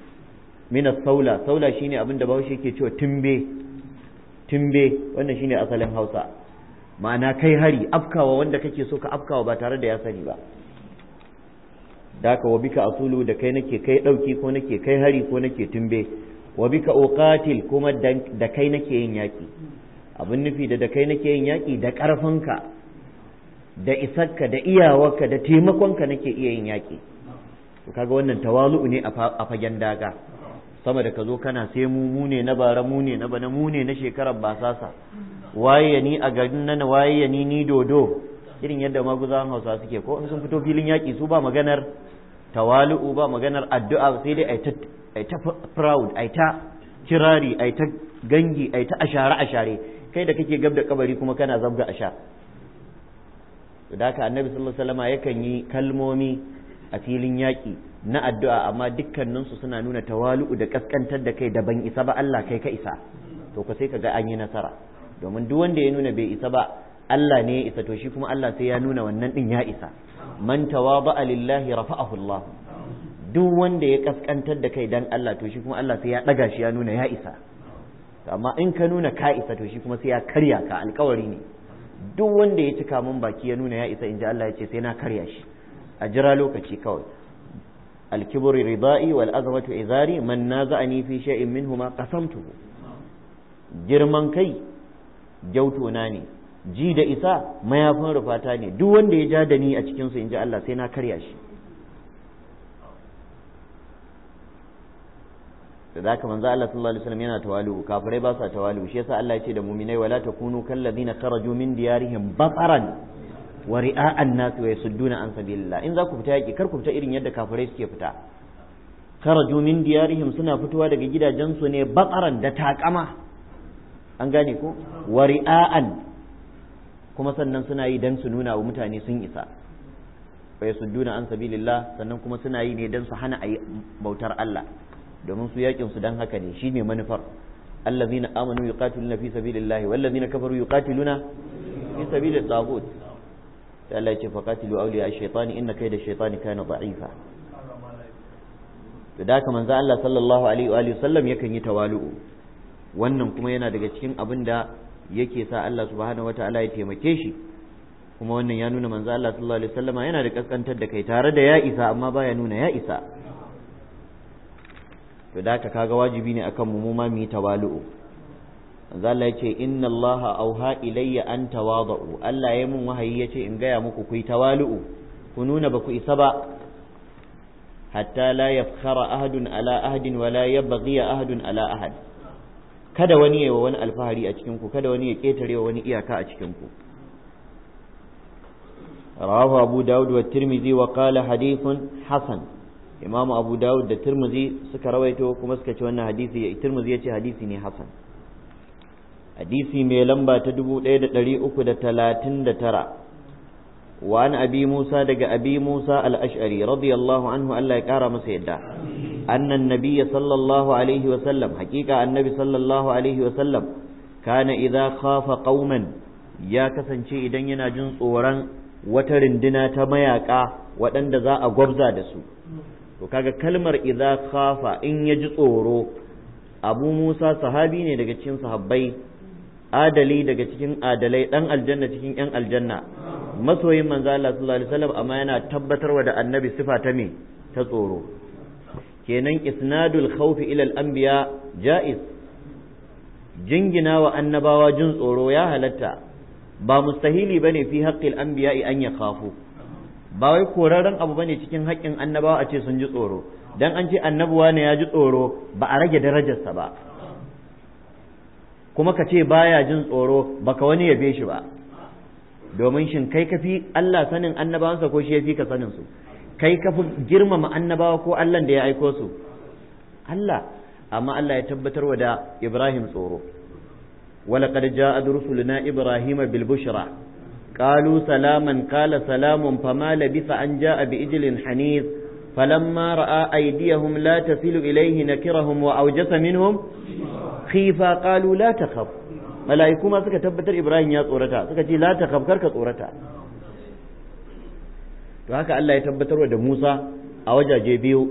min saula saula shine abin da bahaushe yake cewa timbe timbe wannan shine asalin Hausa ma'ana kai hari afkawa wanda kake so ka afkawa ba tare da ya sani ba daka wa bika asulu da kai nake kai dauki ko nake kai hari ko nake timbe wa bika uqatil kuma da kai nake yin yaki abin nufi da da kai nake yin yaki da karfinka da isarka da iyawarka da taimakonka nake iya yin yaki kaga wannan tawalu'u ne a fagen daga sama da ka zo kana sai mu mu na bara mu na bana mu na shekarar basasa waye ya ni a garin nan waye ya ni ni dodo irin yadda maguzawan hausa suke ko in sun fito filin yaƙi su ba maganar tawali'u ba maganar addu'a sai dai ai ta proud ai ta kirari ai ta gangi ai ta ashare ashare kai da kake gab da kabari kuma kana zabga asha da haka annabi sallallahu alaihi wasallama yakan yi kalmomi a filin yaƙi na addu'a amma dukkaninsu suna nuna tawalu'u da kaskantar da kai da ban isa ba Allah kai ka isa to ku sai ka ga an yi nasara domin duk wanda ya nuna bai isa ba Allah ne ya isa to shi kuma Allah sai ya nuna wannan din ya isa man a lillahi rafa'ahu Allah duk wanda ya kaskantar da kai dan Allah to shi kuma Allah sai ya daga shi ya nuna ya isa amma in ka nuna ka isa to shi kuma sai ya karya ka alƙawari ne duk wanda ya cika mun baki ya nuna ya isa in ji Allah ya ce sai na karya shi a jira lokaci kawai الكبر رضائي والأذوة إذاري من نازعني في شيء منهما قسمته جرمان كي جوت ne. ji da isa mayafin rufata ne duk wanda ya ja da ni a cikinsu in ji Allah sai na karya shi da zaka manzo Allah sallallahu alaihi wasallam yana tawalu kafirai ba sa tawalu shi yasa Allah ya ce da mu'minai wala takunu kallazina kharaju min diyarihim basaran wa ri'a'an nas wa yasudduna an sabilillah in za ku fita yaki kar ku fita irin yadda kafirai suke fita kharaju min diyarihim suna fitowa daga gidajensu ne bakaran da takama an gane ko wa ri'a'an kuma sannan suna yi dan su nuna wa mutane sun isa wa yasudduna an sabilillah sannan kuma suna yi ne dan su hana ayi bautar Allah domin su yakin su dan haka ne shine manufar allazina amanu yuqatiluna fi sabilillah wallazina kafaru yuqatiluna fi sabilit taghut sai Allah ya ce faqatilu awliya ash-shaytani inna kayda ash-shaytani kana da'ifa to da ka manzo Allah sallallahu alaihi wa alihi sallam yakan yi tawalu wannan kuma yana daga cikin abinda da yake sa Allah subhanahu wataala ya taimake shi kuma wannan ya nuna manzo Allah sallallahu alaihi wasallam yana da kaskantar da kai tare da ya isa amma baya nuna ya isa to da ka kaga wajibi ne akan mu mu ma mu yi tawalu'u zalla ya ce inna allaha auha ilayya an tawada'u Allah ya mun wahayi ya ce in gaya muku ku yi tawalu'u ku nuna ba ku isa ba hatta la yafkhara ahadun ala ahadin wa la yabghiya ahadun ala ahad kada wani yayi wa wani alfahari a cikin ku kada wani ya ketare wa wani iyaka a cikin ku rawahu abu daud wa tirmidhi wa qala hadithun hasan imam abu daud da tirmidhi suka rawaito kuma suka ce wannan hadisi tirmidhi ya ce hadisi ne hasan hadisi mai lamba ta 1339 وعن أبي موسى دق أبي موسى الأشعري رضي الله عنه ألا يكار مسيدا أن النبي صلى الله عليه وسلم حقيقة النبي صلى الله عليه وسلم كان إذا خاف قوما يا كسن شيء دنينا جنس وران وترندنا تمياكا وأن ذا أقبزا دسو وكاك كلمة إذا خاف إن يجي tsoro abu musa sahabi ne daga cikin sahabbai adali daga cikin adalai dan aljanna cikin yan aljanna masoyin manzo Allah sallallahu alaihi wasallam amma yana tabbatarwa da annabi sifa ta me ta tsoro kenan isnadul khawf ila al anbiya jaiz jinginawa annabawa jin tsoro ya halatta ba mustahili bane fi haqqil anbiya an yakhafu ba wai korarren abu bane cikin haƙƙin annabawa a ce sun ji tsoro dan an ce annabuwa ne ya ji tsoro ba a rage darajarsa ba kuma ka ce baya jin tsoro baka wani ya yabe shi ba domin shin kai ka fi Allah sanin annabawansa ko shi ya fi ka su kai ka fi girmama annabawa ko Allah da ya aiko su Allah amma Allah ya tabbatar wa da Ibrahim tsoro wala qad ja'a rusuluna ibrahim bil bushra salaman qala salamun fama labisa an ja'a bi ijlin hanif falamma ra'a aydiyahum la tasilu ilayhi nakirahum wa min hum? khifa qalu la takhaf mala'iku ma suka tabbatar Ibrahim ya tsorata suka ce la takhaf karka tsorata to haka Allah ya tabbatarwa da Musa a wajaje biyu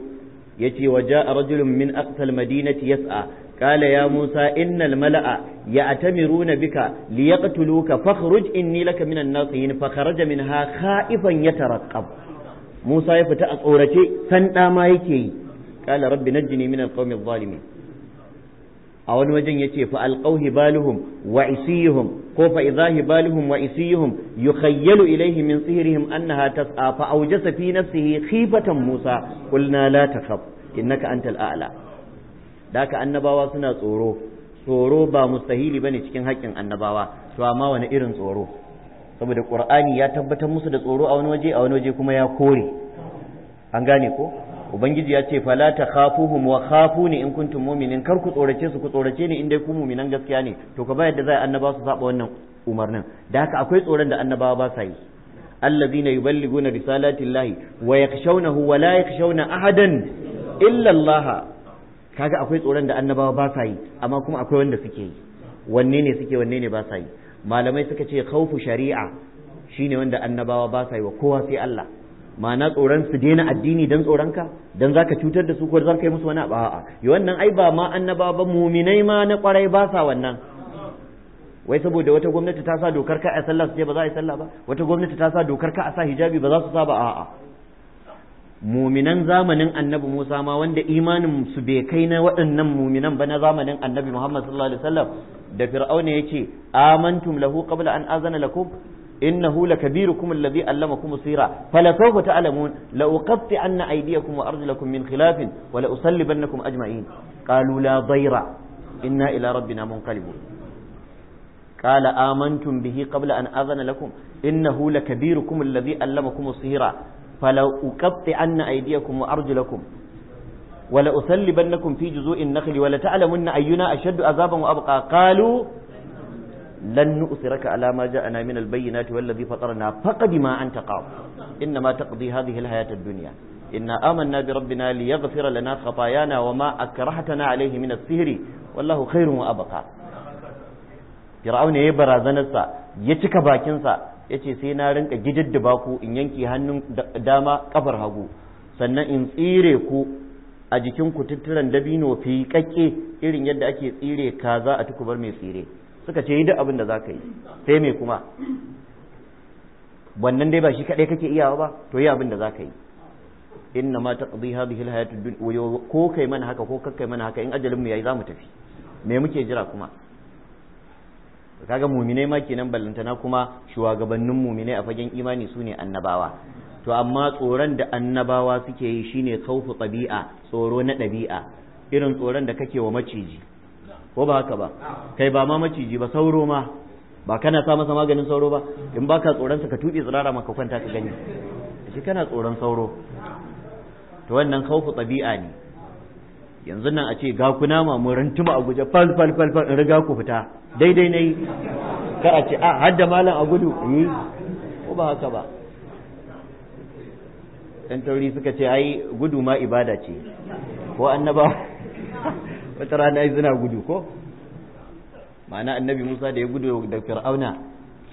yace waja rajulun min aqsal madinati yas'a قال يا موسى إن الملأ يأتمرون بك ليقتلوك فاخرج إني لك من الناصحين فخرج منها خائفا يترقب موسى يفتأ أورتي سنتا ما يكي قال رب نجني من القوم الظالمين a wani wajen ya fa alqaw hibaluhum wa isiyuhum ko fa idha hibaluhum wa isiyuhum yukhayyalu ilayhi min sihrihim tas'a fa awjasa fi sihi khifatan Musa qulna la takhaf innaka antal a'la daka annabawa suna tsoro tsoro ba mustahili ne cikin haƙƙin annabawa to amma wani irin tsoro saboda ƙur'ani ya tabbatar musu da tsoro a wani waje a wani waje kuma ya kore an gane ko ubangiji ya ce fala ta hum wa ni in kuntum mu'minin kar ku tsorace su ku tsorace ni in dai ku mu'minan gaskiya ne to ka bayar da zai annaba su saba wannan umarnin da haka akwai tsoron da annabawa ba sa yi allazina yuballiguna risalati llahi wa yakhshawnahu wa la yakhshawna ahadan illa Allah kaga akwai tsoron da annabawa ba sa yi amma kuma akwai wanda suke yi wanne ne suke wanne ne ba sa yi malamai suka ce khawfu shari'a shine wanda annabawa ba sa yi wa kowa sai Allah ma'ana tsoron su daina addini dan tsoron ka dan zaka cutar da su ko zaka yi musu wani abu a'a wannan ai ba ma annaba ba muminai ma na kwarai ba sa wannan wai saboda wata gwamnati ta sa dokar ka a sallah su je ba za a yi sallah ba wata gwamnati ta sa dokar ka a sa hijabi ba za su sa ba a'a muminan zamanin annabi Musa ma wanda imanin su bai kai na waɗannan muminan ba na zamanin annabi Muhammad sallallahu alaihi wasallam da fir'auna yake amantum lahu qabla an azana lakum إنه لكبيركم الذي علمكم السيرة فلسوف تعلمون لأقطعن أيديكم وأرجلكم من خلاف ولأصلبنكم أجمعين قالوا لا ضير إنا إلى ربنا منقلبون قال آمنتم به قبل أن أذن لكم إنه لكبيركم الذي علمكم السيرة فلأقطعن أيديكم وأرجلكم ولأصلبنكم في جزوء النخل ولتعلمن أينا أشد عذابا وأبقى قالوا lan nu'thiraka ala ma ja'ana min al-bayyinati wallazi fatarna faqad ma anta qaw innama taqdi hadhihi al-hayat ad-dunya inna amanna bi rabbina liyaghfira ya na wa ma na alayhi min as-sihr wallahu khairun wa abqa fir'auna ya barazanarsa ya cika bakinsa yace sai na rinka gididdiba ku in yanke hannun dama kafar hagu sannan in tsire ku a jikin kututturen dabino fi irin yadda ake tsire kaza a tukubar mai tsire suka ce yi duk abin da za ka yi sai me kuma wannan dai ba shi kaɗai kake iyawa ba to yi abin da za ka yi inna ma taqdi hadhihi hayatu dunya ko kai mana haka ko kakkai mana haka in ya yi za mu tafi me muke jira kuma kaga muminai ma kenan ballantana kuma shugabannin muminai a fagen imani su ne annabawa to amma tsoron da annabawa suke yi shine kawfu tabi'a tsoro na ɗabi'a irin tsoron da kake wa maciji ko ba haka ba kai ba ma maciji ba sauro ma ba kana sa masa maganin sauro ba in baka tsoron sa ka tuɓe tsirara maka kwanta ka gani shi kana tsoron sauro to wannan khawfu tabi'a ne yanzu nan a ce ga kuna ma mun rantuma a guje fal fal fal fal in riga ku fita daidai nayi ka a ce a ah, hadda malam a gudu eh ko ba haka ba ɗan tauri suka ce ai gudu ma ibada ce ko annaba wata rana zina gudu ko ma'ana annabi musa da ya gudu da fir'auna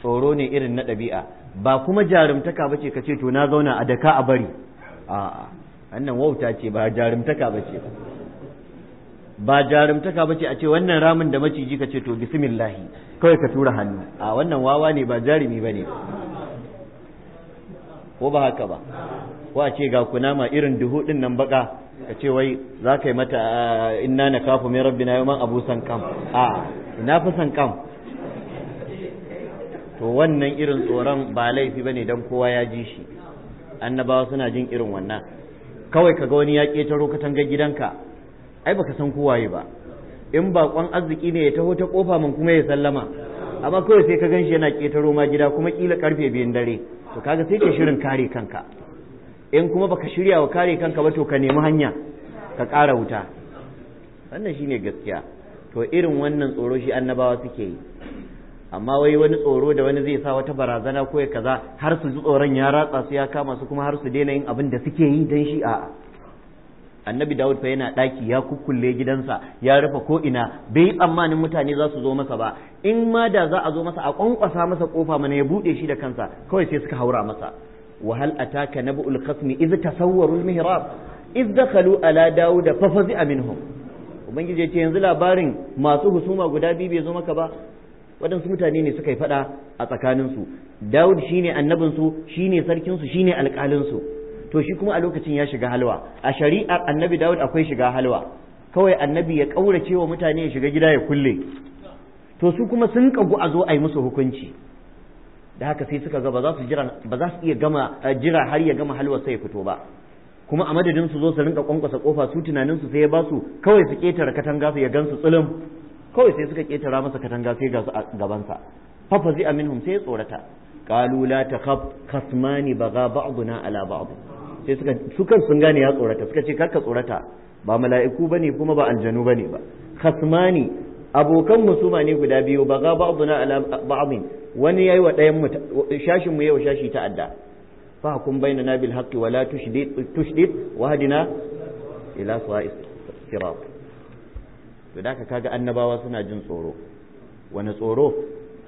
tsoro ne irin na ɗabi'a ba kuma jarumtaka ba ce ka ce to na zauna a daka a bari a'a wannan wauta ce ba jarumtaka ba ce ba jarumtaka ba ce a ce wannan ramin da maciji ka ce to bismillahi kawai ka tura hannu a wannan wawa ne ba jarumi ba ne ko ba haka ba ko a ce ga kunama irin duhu din nan baka ka ce wai za ka yi mata ah, inna na kafu na yi man abu kam a ah, ina san kam. to wannan irin tsoron ba laifi ba ne don kowa ya ji shi annabawa suna jin irin wannan kawai kaga wani ya ketaro katangar gidanka ai baka san yi ba in baƙon arziki ne ya taho ta kofa man kuma ya sallama amma kawai sai ka shi yana ketaro ma gida kuma kila karfe biyun dare to kaga sai ka shirin kare kanka in kuma baka shirya wa kare kanka ba to ka nemi hanya ka ƙara wuta wannan shine gaskiya to irin wannan tsoro shi annabawa suke yi amma wai wani tsoro da wani zai sa wata barazana ko ya kaza har su ji tsoron ya ratsa su ya kama su kuma har su daina yin abin da suke yi dan shi a annabi dawud fa yana daki ya kukkulle gidansa ya rufe ko ina bai tsammanin mutane za su zo masa ba in ma da za a zo masa a kwankwasa masa kofa mana ya bude shi da kansa kawai sai suka haura masa وهل أتاك نبؤ الخصم إذ تصوروا المهراب إذ دخلوا على داود ففزع منهم ubangiji ya ce yanzu labarin masu husuma guda biyu bai zo maka ba waɗansu mutane ne suka yi faɗa a tsakaninsu dawud shine annabinsu shine sarkinsu shine alƙalinsu to shi kuma a lokacin ya shiga halwa a shari'ar annabi dawud akwai shiga halwa kawai annabi ya ƙaurace wa mutane ya shiga gida ya kulle to su kuma sun kagu a zo a yi musu hukunci da haka sai suka ga ba za su jira ba za su iya gama eh, jira har ya gama halwar sai ya fito ba kuma a madadin su zo su rinka kwankwasa kofa su tunanin su sai ya ba su kawai su ketara katanga su ya gansu tsulum kawai sai suka ketara masa katanga sai ga su a gabansa fa zai aminhum sai ya tsorata qalu la takhaf khasmani baga ba'duna ala ba'd sai suka su kan sun gane ya tsorata suka ce karka tsorata ba mala'iku bane kuma ba aljanu bane ba khasmani abokan musuma ne guda biyu ba ga ba'duna ala ba'din wani yayi wa ɗayan shashin mu yayi shashi ta'adda fa hukum na bil haqqi wala tushdid tushdid wa hadina ila sawa'is sirat to da kaga annabawa suna jin tsoro wani tsoro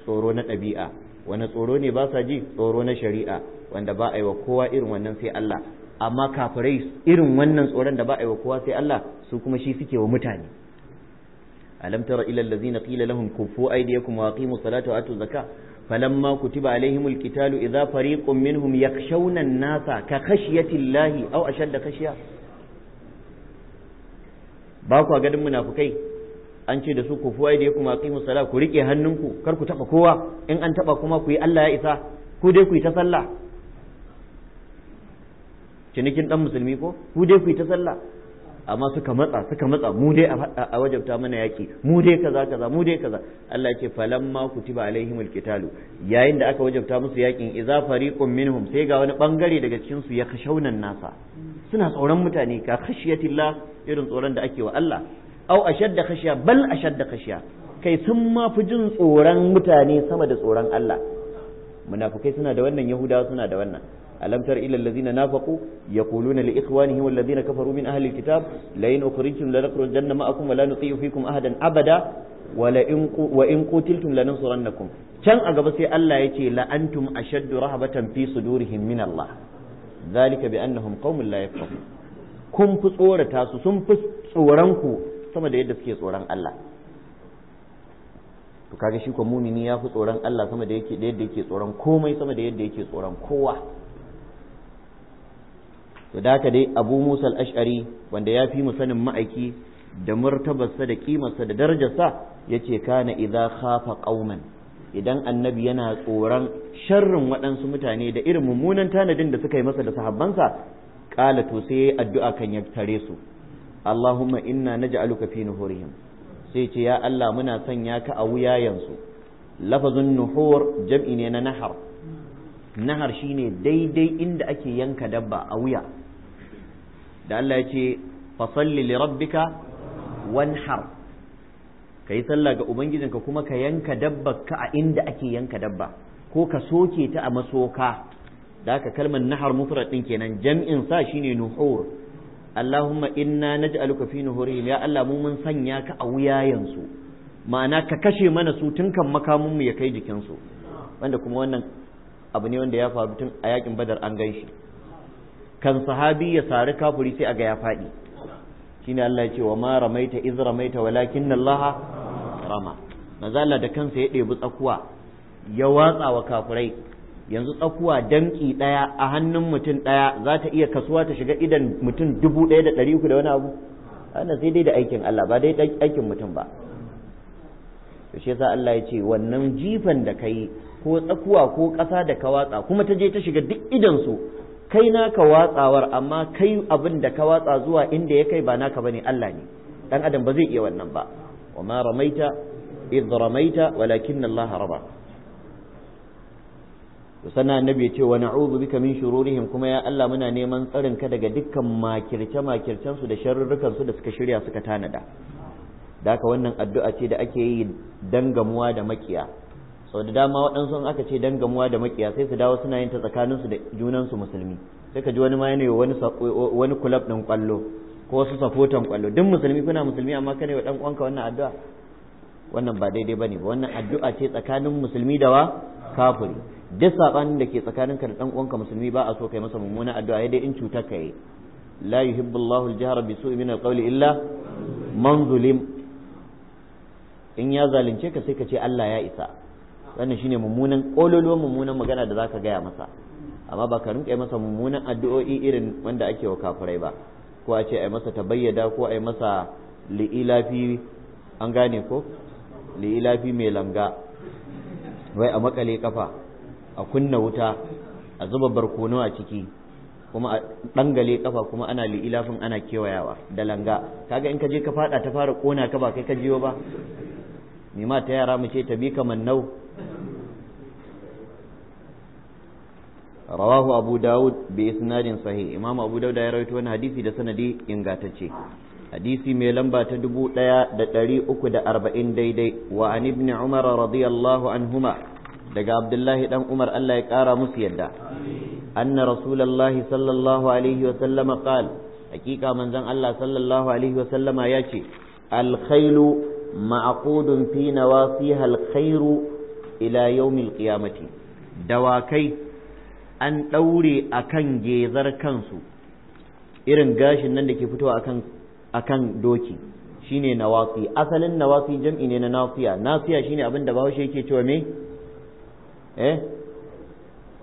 tsoro na ɗabi'a wani tsoro ne ba sa ji tsoro na shari'a wanda ba a yi wa kowa irin wannan sai Allah amma kafirai irin wannan tsoron da ba a yi wa kowa sai Allah su kuma shi suke wa mutane alam tara ila allazina qila lahum kuffu aydiyakum wa aqimu salata wa atu zakah falamma kutiba alaihimul qitalu idza fariqun minhum yakhshawna an-nasa ka khashyati llahi aw ashadda khashya ba ku gadin munafukai an ce da su ku fuwa da kuma aqimu musala ku rike hannunku kar ku taba kowa in an taba kuma ku yi Allah ya isa ku dai ku yi ta sallah cinikin dan musulmi ko ku dai ku yi ta sallah amma suka matsa suka matsa mu dai a wajabta mana yaki mu dai kaza kaza mu dai kaza Allah yake falamma kutiba alaihimul qitalu yayin da aka wajabta musu yakin idza fariqun minhum sai ga wani bangare daga cikin su ya kashaunan nasa suna tsoron mutane ka khashiyatillah irin tsoron da ake wa Allah au ashadda khashiya bal ashadda khashiya kai sun ma fi jin tsoron mutane sama da tsoron Allah munafukai suna da wannan yahudawa suna da wannan ألم تر إلى الذين نافقوا يقولون لإخوانهم والذين كفروا من أهل الكتاب لئن أخرجتم لنخرجن معكم ولا نطيع فيكم أحدا أبدا ولئن وإن قتلتم لننصرنكم كان أقبسي الله يتي لأنتم أشد رهبة في صدورهم من الله ذلك بأنهم قوم لا يفقهون كم فصورة تاسو سم فصورنكو sama da yadda suke tsoron Allah to kaga shi ko mumini ya fi tsoron Allah sama da yake da yadda yake tsoron komai sama da yadda yake tsoron kowa to da haka dai abu musa al-ash'ari wanda ya fi mu sanin ma'aiki da martabarsa da kimarsa da darajarsa ya yace kana idza khafa qauman idan annabi yana tsoron sharrin waɗansu mutane da irin mummunan tanadin da suka yi masa da sahabbansa kala to sai addu'a kan ya tare su Allahumma inna naj'aluka fi nuhurihim sai ce ya Allah muna sanya ka a wuyayensu lafazun nuhur jam'i ne na nahar nahar shine daidai inda ake yanka dabba a wuya da Allah ya ce fasalli li rabbika wanhar kai sallah ga ubangijinka kuma ka yanka dabba ka a inda ake yanka dabba ko ka soke ta a masoka da haka kalmar nahar mufrad din kenan jam'in sa shine nuhur Allahumma inna naj'aluka fi nuhurihim ya Allah mu mun sanya ka a wuyayensu ma'ana ka kashe mana su tun kan makamun mu ya kai jikinsu wanda kuma wannan abu ne wanda ya faru tun a yakin badar an gaishe kan sahabi ya sari kafuri sai a ga ya faɗi shine Allah ya ce wa ma ramaita iz ramaita walakin Allah rama Allah da kansa ya ɗebi tsakuwa ya watsa wa kafurai yanzu tsakuwa damki ɗaya a hannun mutum ɗaya za ta iya kasuwa ta shiga idan mutum dubu ɗaya da ɗari uku da wani abu ana sai dai da aikin Allah ba dai aikin mutum ba to shi yasa Allah ya ce wannan jifan da kai ko tsakuwa ko ƙasa da ka watsa kuma ta je ta shiga duk idan su kai naka watsawar amma kai abin da ka watsa zuwa inda ya kai ba naka bane Allah ne dan adam ba zai iya wannan ba wa ma ramaita idh ramaita walakin Allah raba sannan annabi ya ce wa na'udhu bika min shururihim kuma ya Allah muna neman tsarin ka daga dukkan makirce makircen su da sharrurukan su da suka shirya suka tanada da haka wannan addu'a ce da ake yi dangamuwa da makiya sau da dama waɗansu in aka ce dan gamuwa da makiya sai su dawo suna yin ta tsakaninsu da junansu musulmi sai ka ji wani ma yana yi wani wani kulab ɗin ƙwallo ko wasu safotan ƙwallo duk musulmi kuna musulmi amma kana wa ɗan uwanka wannan addu'a wannan ba daidai bane ba wannan addu'a ce tsakanin musulmi da wa kafiri duk sabanin da ke tsakanin ka da ɗan uwanka musulmi ba a so kai masa mummunan addu'a dai in cutar ka yi la yuhibbu Allahu al-jahra bi su'i min al-qawli illa man zulim in ya zalunce ka sai ka ce Allah ya isa wannan shine mummunan kololo mummunan magana da zaka gaya masa amma ba ka rinka masa mummunan addu'o'i irin wanda ake wa kafirai ba ko a ce ai masa tabayyada ko ai masa li'ilafi an gane ko li'ilafi mai langa wai a makale kafa a kunna wuta a zuba barkono a ciki kuma a dangale kafa kuma ana li'ilafin ana kewayawa da langa kaga in ka je ka fada ta fara kona ka ba kai ka jiyo ba mima ta yara mu ce ta bi kamar nau rawahu abu dawud bi isnadin sahi imam abu dawud ya rawaito wani hadisi da sanadi ingatacce hadisi mai lamba ta dubu ɗaya da ɗari uku da arba'in daidai wa an ibn umar radiyallahu anhuma daga abdullahi dan umar allah ya kara musu yadda anna rasulallahi sallallahu alaihi wa sallama qal hakika manzon allah sallallahu alaihi wa sallama ya ce alkhailu ma'qudun fi nawasiha alkhairu ila yawmil qiyamati dawakai an ɗaure a kan gezar kansu irin gashin nan da ke fitowa a kan doki shine nawafi asalin nawafi jam'i ne na nafiya nafiya shine abin da bahaushe yake cewa me eh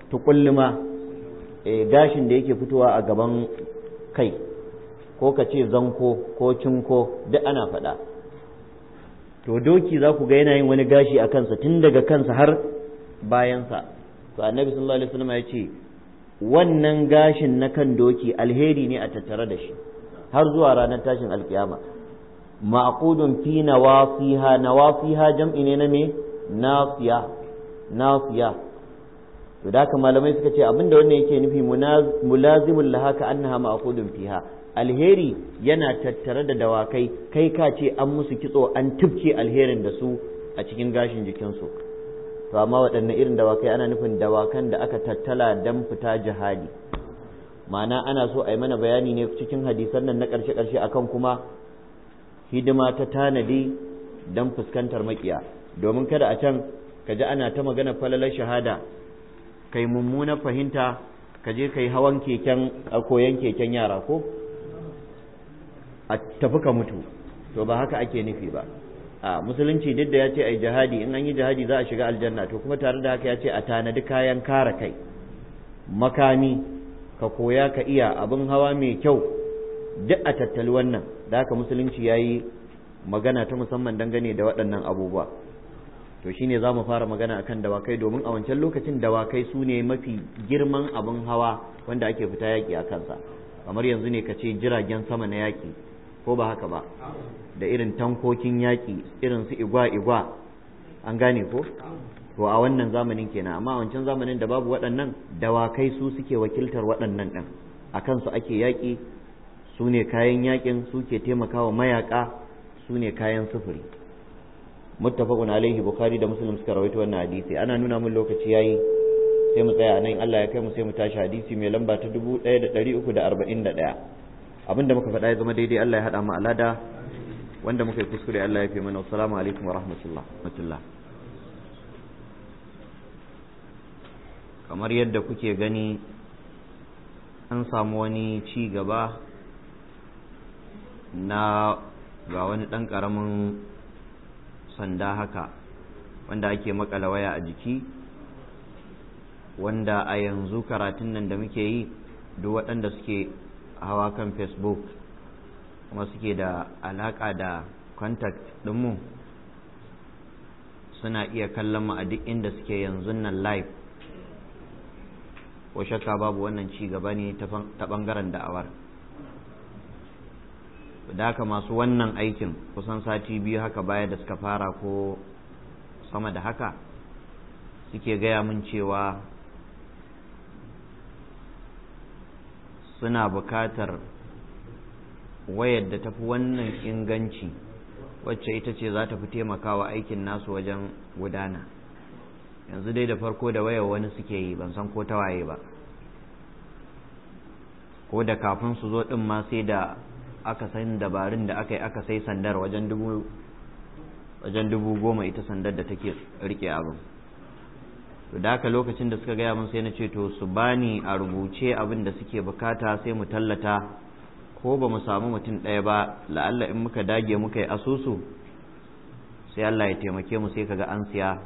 tukulluma eh gashin da yake fitowa a gaban kai ko ka ce zanko ko cinko duk ana faɗa to doki za ku ga yana yin wani gashi a kansa tun daga kansa har bayansa to annabi sallallahu alaihi wasallam ya ce wannan gashin na kan doki alheri ne a tattare da shi har zuwa ranar tashin alkiyama ma'qudun fi nawasiha nawasiha jam'i ne na me nasiya nasiya to da haka malamai suka ce abinda wannan yake nufi mulazimul laha ka annaha ma'qudun fiha alheri yana tattare da dawakai kai ka ce an musu kitso an tubce alherin da su a cikin gashin jikinsu to amma waɗanne irin dawakai ana nufin dawakan da aka tattala don fita jihadi ma'ana ana so a yi mana bayani ne cikin hadisan nan na ƙarshe-ƙarshe akan kuma hidima ta tanadi don fuskantar makiya domin kada a can ka ji ana ta magana falalar shahada kai mummuna fahimta ka je kai hawan keken a koyan keken yara ko a tafi ka mutu to ba haka ake nufi ba a musulunci duk da ya ce a yi jihadi in an yi jihadi za a shiga aljanna to kuma tare da haka ya ce a tanadi kayan kare kai makami ka koya ka iya abin hawa mai kyau duk a tattali wannan da haka musulunci ya yi magana ta musamman dangane da waɗannan abubuwa to shine za mu fara magana akan dawakai domin a wancan lokacin dawakai su ne mafi girman abin hawa wanda ake fita yaƙi a kansa kamar yanzu ne ka ce jiragen sama na yaƙi ko ba haka ba da irin tankokin yaƙi irin su igwa-igwa an gane ko to a wannan zamanin kenan amma a wancan zamanin da babu waɗannan dawakai su suke wakiltar waɗannan ɗin a kansu ake yaƙi su ne kayan yaƙin su ke taimakawa mayaƙa su ne kayan sufuri muttafaqun alaihi bukhari da muslim suka rawaito wannan hadisi ana nuna min lokaci yayi sai mu tsaya nan Allah ya kai mu sai mu tashi hadisi mai lamba ta 1341 da muka faɗa ya zama daidai Allah ya haɗa mu alada wanda muka yi kuskure Allah ya fi mana assalamu alaikum wa rahmatullah kamar yadda kuke gani an samu wani ci gaba na ga wani ɗan ƙaramin sanda haka wanda ake makala waya a jiki wanda a yanzu karatun nan da muke yi duk waɗanda suke hawa kan facebook kuma suke da alaka da contact ɗinmu suna iya kallon mu a duk inda suke yanzu nan live ko shakka babu wannan ci gaba ne ta bangaren da'awar da haka masu wannan aikin kusan sati biyu haka baya da suka fara ko sama da haka suke gaya min cewa suna bukatar wayar da tafi wannan inganci wacce ita ce za ta fi taimakawa aikin nasu wajen gudana yanzu dai da farko da wayar wani suke yi ban san ko ta waye ba ko da kafin su zo ɗin ma sai da aka san dabarun da aka yi aka sai sandar wajen dubu goma ita sandar da take rike abin to da haka lokacin da suka gaya mun sai na ce to su bani a rubuce abin da suke bukata sai mu tallata ko ba mu samu mutum ɗaya ba la'alla in muka dage muka yi asusu sai Allah ya taimake mu sai kaga an siya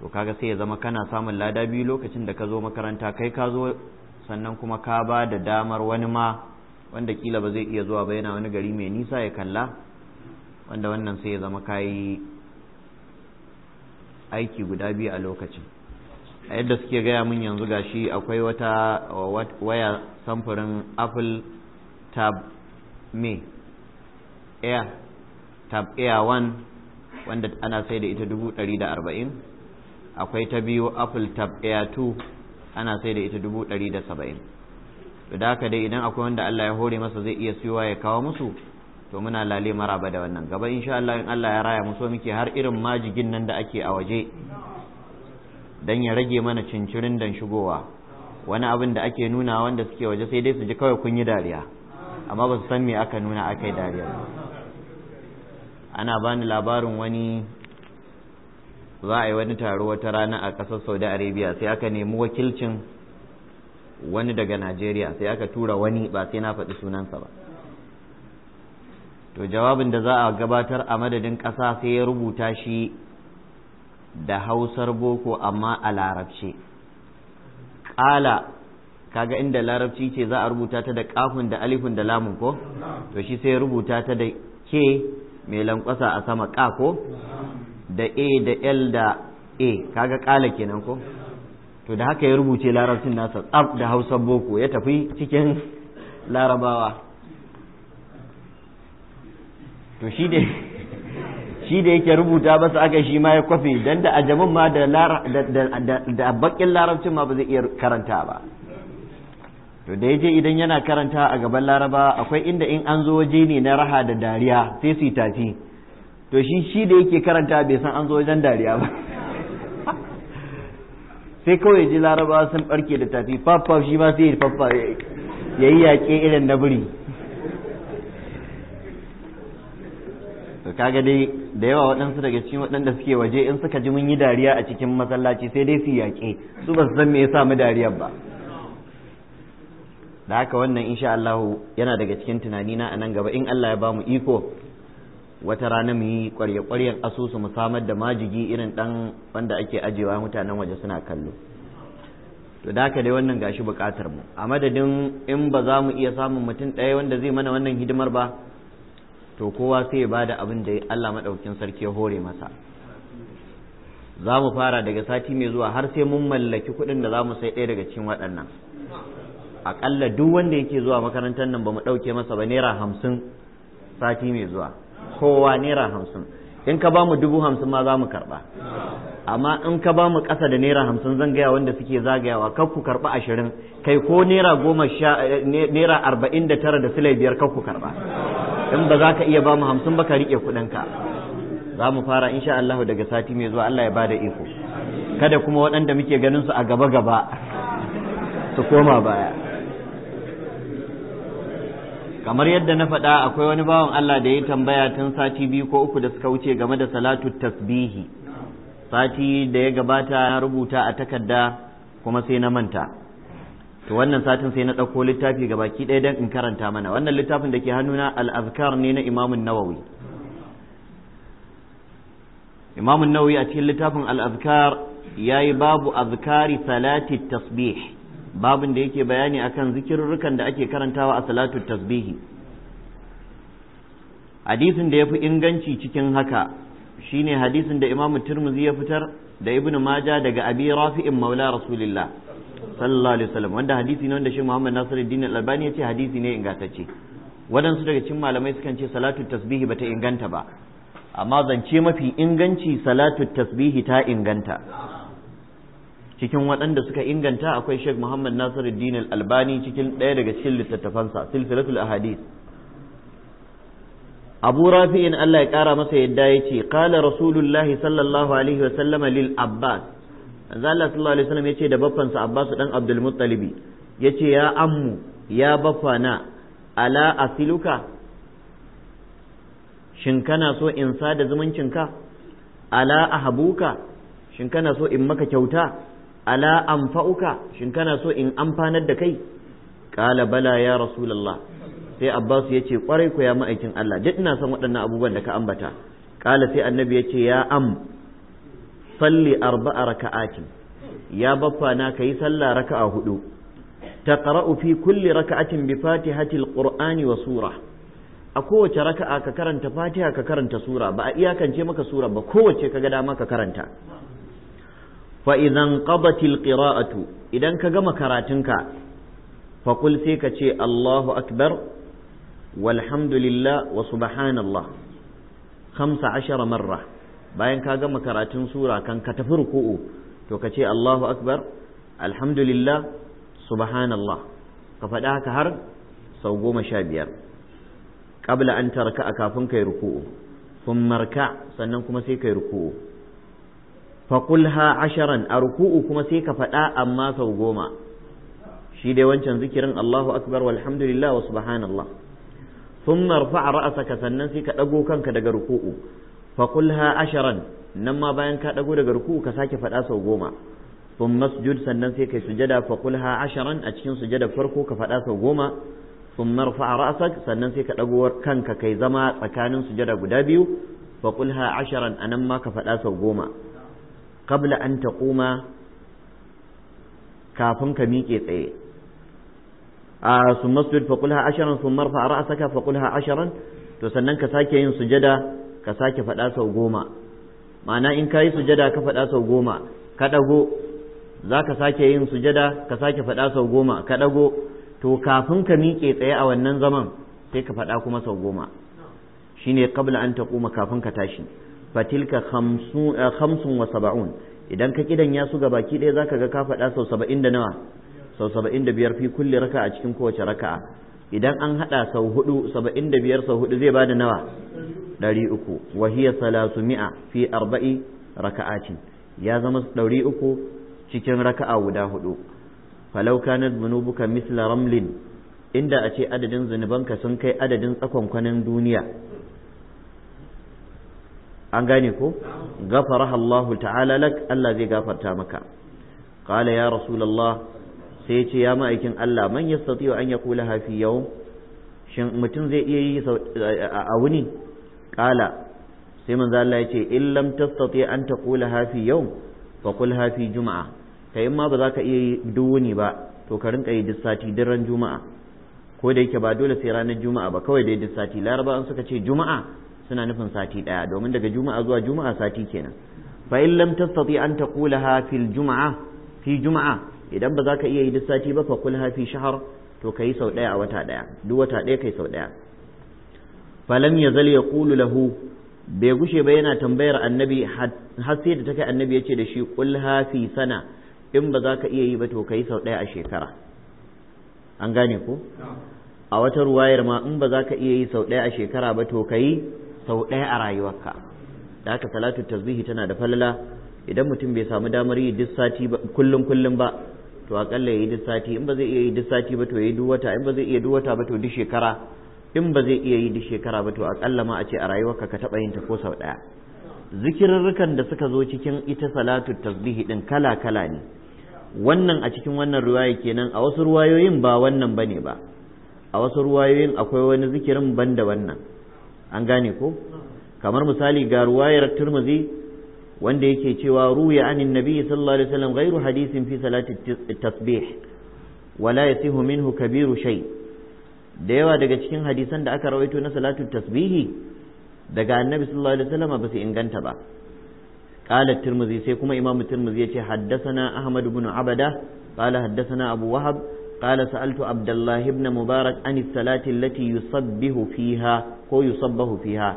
to kaga sai ya zama kana samun lada biyu lokacin da ka zo makaranta kai ka zo sannan kuma ka ba da damar wani ma wanda kila ba zai iya zuwa ba yana wani gari mai nisa ya kalla wanda wannan sai ya zama kayi aiki guda biyu a lokacin a yadda suke gaya min yanzu gashi akwai wata waya samfurin apple tab me air tab air 1 wanda ana sai da ita 140 akwai ta biyu apple tab air 2 ana sai da ita 170 da haka dai idan akwai wanda allah ya hore masa zai iya siyowa ya kawo musu to muna lale maraba da wannan gaba insha Allah in Allah ya raya mu so muke har irin majigin nan da ake a waje dan ya rage mana cincirin dan shigowa wani abin da ake nuna wanda suke waje sai dai su ji kawai kun yi dariya amma ba su san me aka nuna aka yi dariya ana bani labarin wani za a yi wani taro wata rana a ƙasar saudi arabia sai aka nemi wakilcin wani daga najeriya sai aka tura wani ba sai na faɗi sunansa ba to jawabin da za a gabatar a madadin ƙasa sai ya rubuta shi da hausar boko amma a larabci ƙala kaga inda larabci ce za a rubuta ta da ƙafin da alifin da lamun ko to shi sai ya rubuta ta da ke mai lankwasa a sama ƙa ko da a da l da a kaga ƙala kenan ko to da haka ya rubuce larabcin nasa tsab da hausar boko ya tafi cikin larabawa to shi da shi da yake rubuta su aka shi ma ya kwafi don da ajamin ma da bakin larabcin ma ba zai iya karanta ba to da ya je idan yana karanta a gaban laraba akwai inda in an zo waje ne na raha da dariya sai su tafi to shi shi da yake karanta bai san an zo wajen dariya ba sai kawai ji laraba sun barke da tafi faffa shi ma sai ya yi yayi yaƙe irin na biri. kaga dai da yawa waɗansu daga cikin waɗanda suke waje in suka ji mun yi dariya a cikin masallaci sai dai su yaƙe su ba su san me yasa mu dariyar ba da haka wannan insha Allah yana daga cikin tunani na anan gaba in Allah ya bamu iko wata rana mu yi ƙwarya-ƙwaryan asusu mu samar da majigi irin ɗan wanda ake ajiyewa mutanen waje suna kallo to da haka dai wannan gashi buƙatar mu a madadin in ba za mu iya samun mutum ɗaya wanda zai mana wannan hidimar ba to kowa sai ya bada abin da Allah madaukin sarki ya hore masa za mu fara daga sati mai zuwa har sai mun mallaki kuɗin da za mu sai ɗaya daga cikin waɗannan aƙalla duk wanda yake zuwa makarantar nan ba mu ɗauke masa ba naira hamsin sati mai zuwa kowa naira hamsin in ka ba mu dubu hamsin ma za mu karɓa amma in ka ba mu ƙasa da naira hamsin zan gaya wanda suke zagayawa kar ku karɓa ashirin kai ko naira goma sha eh, naira arba'in da tara da silai biyar kar ku karɓa in ba za ka iya ba mu hamsin ba ka riƙe kuɗinka za mu fara insha Allah daga sati mai zuwa Allah ya ba da iko kada kuma waɗanda muke ganin su a gaba gaba su koma baya kamar yadda na faɗa akwai wani bawan Allah da ya tambaya tun sati biyu ko uku da suka wuce game da salatu tasbihi sati da ya gabata na rubuta a takarda kuma sai na manta to wannan satin sai na ɗauko littafi ga baki ɗaya don in karanta mana wannan littafin da ke hannuna al ne na imamun nawawi imamun nawawi a cikin littafin al-azkar ya yi babu azkari salati tasbih babin da yake bayani a kan zikirurrukan da ake karantawa a salatu tasbihi hadisin da ya fi inganci cikin haka shine hadisin da imamu turmuzi ya fitar da ibnu maja daga abi rafi'in maula rasulillah sallallahu alaihi wasallam wanda hadisi ne wanda shi Muhammad Nasiruddin Al-Albani ya ce hadisi ne ingantacce wadansu daga cikin malamai sukan ce salatu tasbihi bata inganta ba amma zance mafi inganci salatu tasbihi ta inganta cikin waɗanda suka inganta akwai Sheikh Muhammad Nasiruddin Al-Albani cikin ɗaya daga cikin littattafansa silsilatul ahadith abu rafi'in Allah ya kara masa yadda ya ce kala rasulullahi sallallahu alaihi wa sallama lil abbas manzo Allah sallallahu alaihi wasallam yace da baffan sa Abbas dan Abdul Muttalib yace ya ammu ya baffana ala asiluka shin kana so in sada zumuncinka ala ahabuka shin kana so in maka kyauta ala anfa'uka shin kana so in amfanar da kai qala bala ya rasulullah sai Abbas yace kwarai ku ya ma'aikin Allah duk ina son waɗannan abubuwan da ka ambata qala sai annabi yace ya am salli arba'a raka'ati ya baffa na kayi sallah raka'a hudu taqra'u fi kulli raka'atin bi fatihatil qur'ani wa sura a kowace raka'a ka karanta fatiha ka karanta sura ba a iyakance maka sura ba kowace ka ga dama ka karanta fa idan qadatil qira'atu idan ka gama karatunka fa kul sai ka ce Allahu akbar walhamdulillah wa subhanallah 15 marra bayan ka gama karatun sura kan ka tafi ruku'u to ka ce Allahu akbar alhamdulillah subhanallah ka faɗa haka har sau goma sha biyar qabla an tarka a kafin kai ruku'u sun marka sannan kuma sai kai ruku'u ha asharan a ruku'u kuma sai ka faɗa amma sau goma shi dai wancan zikirin Allahu akbar walhamdulillah wa subhanallah sun marfa ra'asaka sannan sai ka ɗago kanka daga ruku'u fa qulha asharan nan ma bayan ka dago daga ruku ka sake faɗa sau goma sun masjud sannan sai kai sujada fa qulha asharan a cikin sujada farko ka faɗa sau goma sun marfa ra'sak sannan sai ka dago kanka kai zama tsakanin sujada guda biyu fa qulha asharan nan ma ka faɗa sau goma qabla an kuma kafin ka miƙe tsaye a sun masjud faƙulha qulha asharan sun marfa a ra'asaka faƙulha asharan to sannan ka sake yin sujada ka sake faɗa sau goma ma'ana in ka yi sujada ka faɗa sau goma ka ɗago za ka sake yin sujada ka sake faɗa sau goma ka ɗago to kafin ka miƙe tsaye a wannan zaman sai ka faɗa kuma sau goma shine kabla an taƙuma kafin ka tashi fatilka hamsin eh, wa saba'un idan ka kidan ya su baki ɗaya ka ga ka faɗa sau saba'in da nawa sau saba'in da biyar fi kulle raka a cikin kowace raka'a idan an haɗa sau hudu saba'in da biyar sau hudu zai bada nawa ɗari uku wa hiya salasu mi'a fi arba'i raka'atin ya zama ɗari uku cikin raka'a guda hudu falau zunubu zunubuka misla ramlin inda a ce adadin zunubanka sun kai adadin tsakonkwanin duniya an gane ko gafara Allah ta'ala lak Allah zai gafarta maka qala ya rasulullah sai ce ya ma'aikin Allah man yastati an yaqula fi yawm shin mutum zai iya yi a wuni qala sai manzo Allah ya ce in lam tastati an taqula ha fi yawm fa qul ha fi juma'a ta in ma ba za ka iya yi duwuni ba to ka rinka yi duk sati duk juma'a ko da yake ba dole sai ranar juma'a ba kawai dai duk sati laraba an suka ce juma'a suna nufin sati daya domin daga juma'a zuwa juma'a sati kenan fa in lam tastati an taqula ha fil juma'a fi juma'a idan ba za ka iya yi duk sati ba fa qul ha fi shahr to kai sau daya a wata daya duk wata daya kai sau daya falam ya ya kulu lahu bai gushe ba yana tambayar annabi har sai da take annabi ya ce da shi kul hafi sana in ba za ka iya yi ba to kai sau ɗaya a shekara an gane ko a wata ruwayar ma in ba za ka iya yi sau ɗaya a shekara ba to kai sau ɗaya a rayuwarka da haka salatu tasbihi tana da falala idan mutum bai samu damar yi duk sati ba kullum kullum ba to akalla ya yi duk sati in ba zai iya yi duk sati ba to ya yi duk wata in ba zai iya duk wata ba to duk shekara in ba zai iya yi duk shekara ba to akalla ma a ce a rayuwarka ka taɓa yin ta ko sau ɗaya zikirarrukan da suka zo cikin ita salatu tasbihi din kala kala ne wannan a cikin wannan ruwaya kenan a wasu ruwayoyin ba wannan bane ba a wasu ruwayoyin akwai wani zikirin banda wannan an gane ko kamar misali ga ruwayar turmuzi wanda yake cewa ruya anin nabi sallallahu alaihi wasallam ghairu hadisin fi salati tasbih wala yasihu minhu kabiru shay da yawa daga cikin hadisan da aka rawaito na salatu tasbihi daga annabi sallallahu alaihi wasallam ba su inganta ba قال الترمذي سيكما إمام الترمذي حدثنا أحمد بن عبدة قال حدثنا أبو وهب قال سألت عبد الله بن مبارك عن الصلاة التي يصبه فيها هو يصبه فيها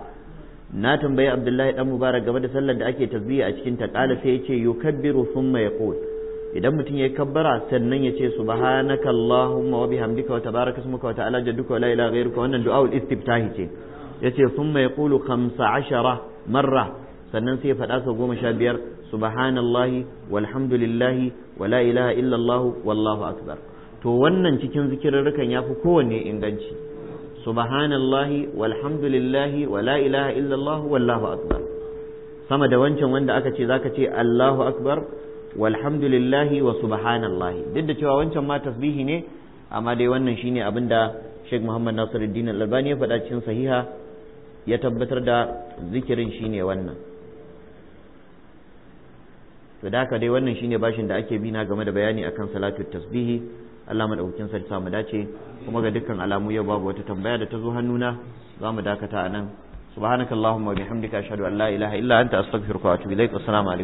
ناتم بي عبد الله بن مبارك قبل صلى أكي تسبيه أشكنت قال سيكي يكبر ثم يقول idan mutum ya kabbara sannan ya ce subhanaka allahumma wa bihamdika wa tabaraka ismuka wa ta'ala jadduka wa la ilaha ghayruka wannan du'aul istiftahi ce yace thumma yaqulu 15 marra sannan sai ya faɗa sau goma sha biyar subhanallahi walhamdulillahi wa la ilaha illallah wallahu akbar to wannan cikin zikirarrukan yafi kowanne inganci subhanallahi walhamdulillahi wa la ilaha illallah wallahu akbar sama da wancan wanda aka ce zaka ce allahu akbar walhamdulillahi wa subhanallahi duk da cewa wancan ma tasbihi ne amma dai wannan shine abin da Sheikh Muhammad Nasiruddin Al-Albani ya faɗa cikin sahiha ya tabbatar da zikirin shine wannan to da ka dai wannan shine bashin da ake bina game da bayani akan salatu tasbihi Allah madaukakin sarki mu dace kuma ga dukkan alamu yau babu wata tambaya da ta zo hannuna za mu dakata a nan subhanakallahumma wa bihamdika ashhadu an la ilaha illa anta astaghfiruka wa atubu ilaik assalamu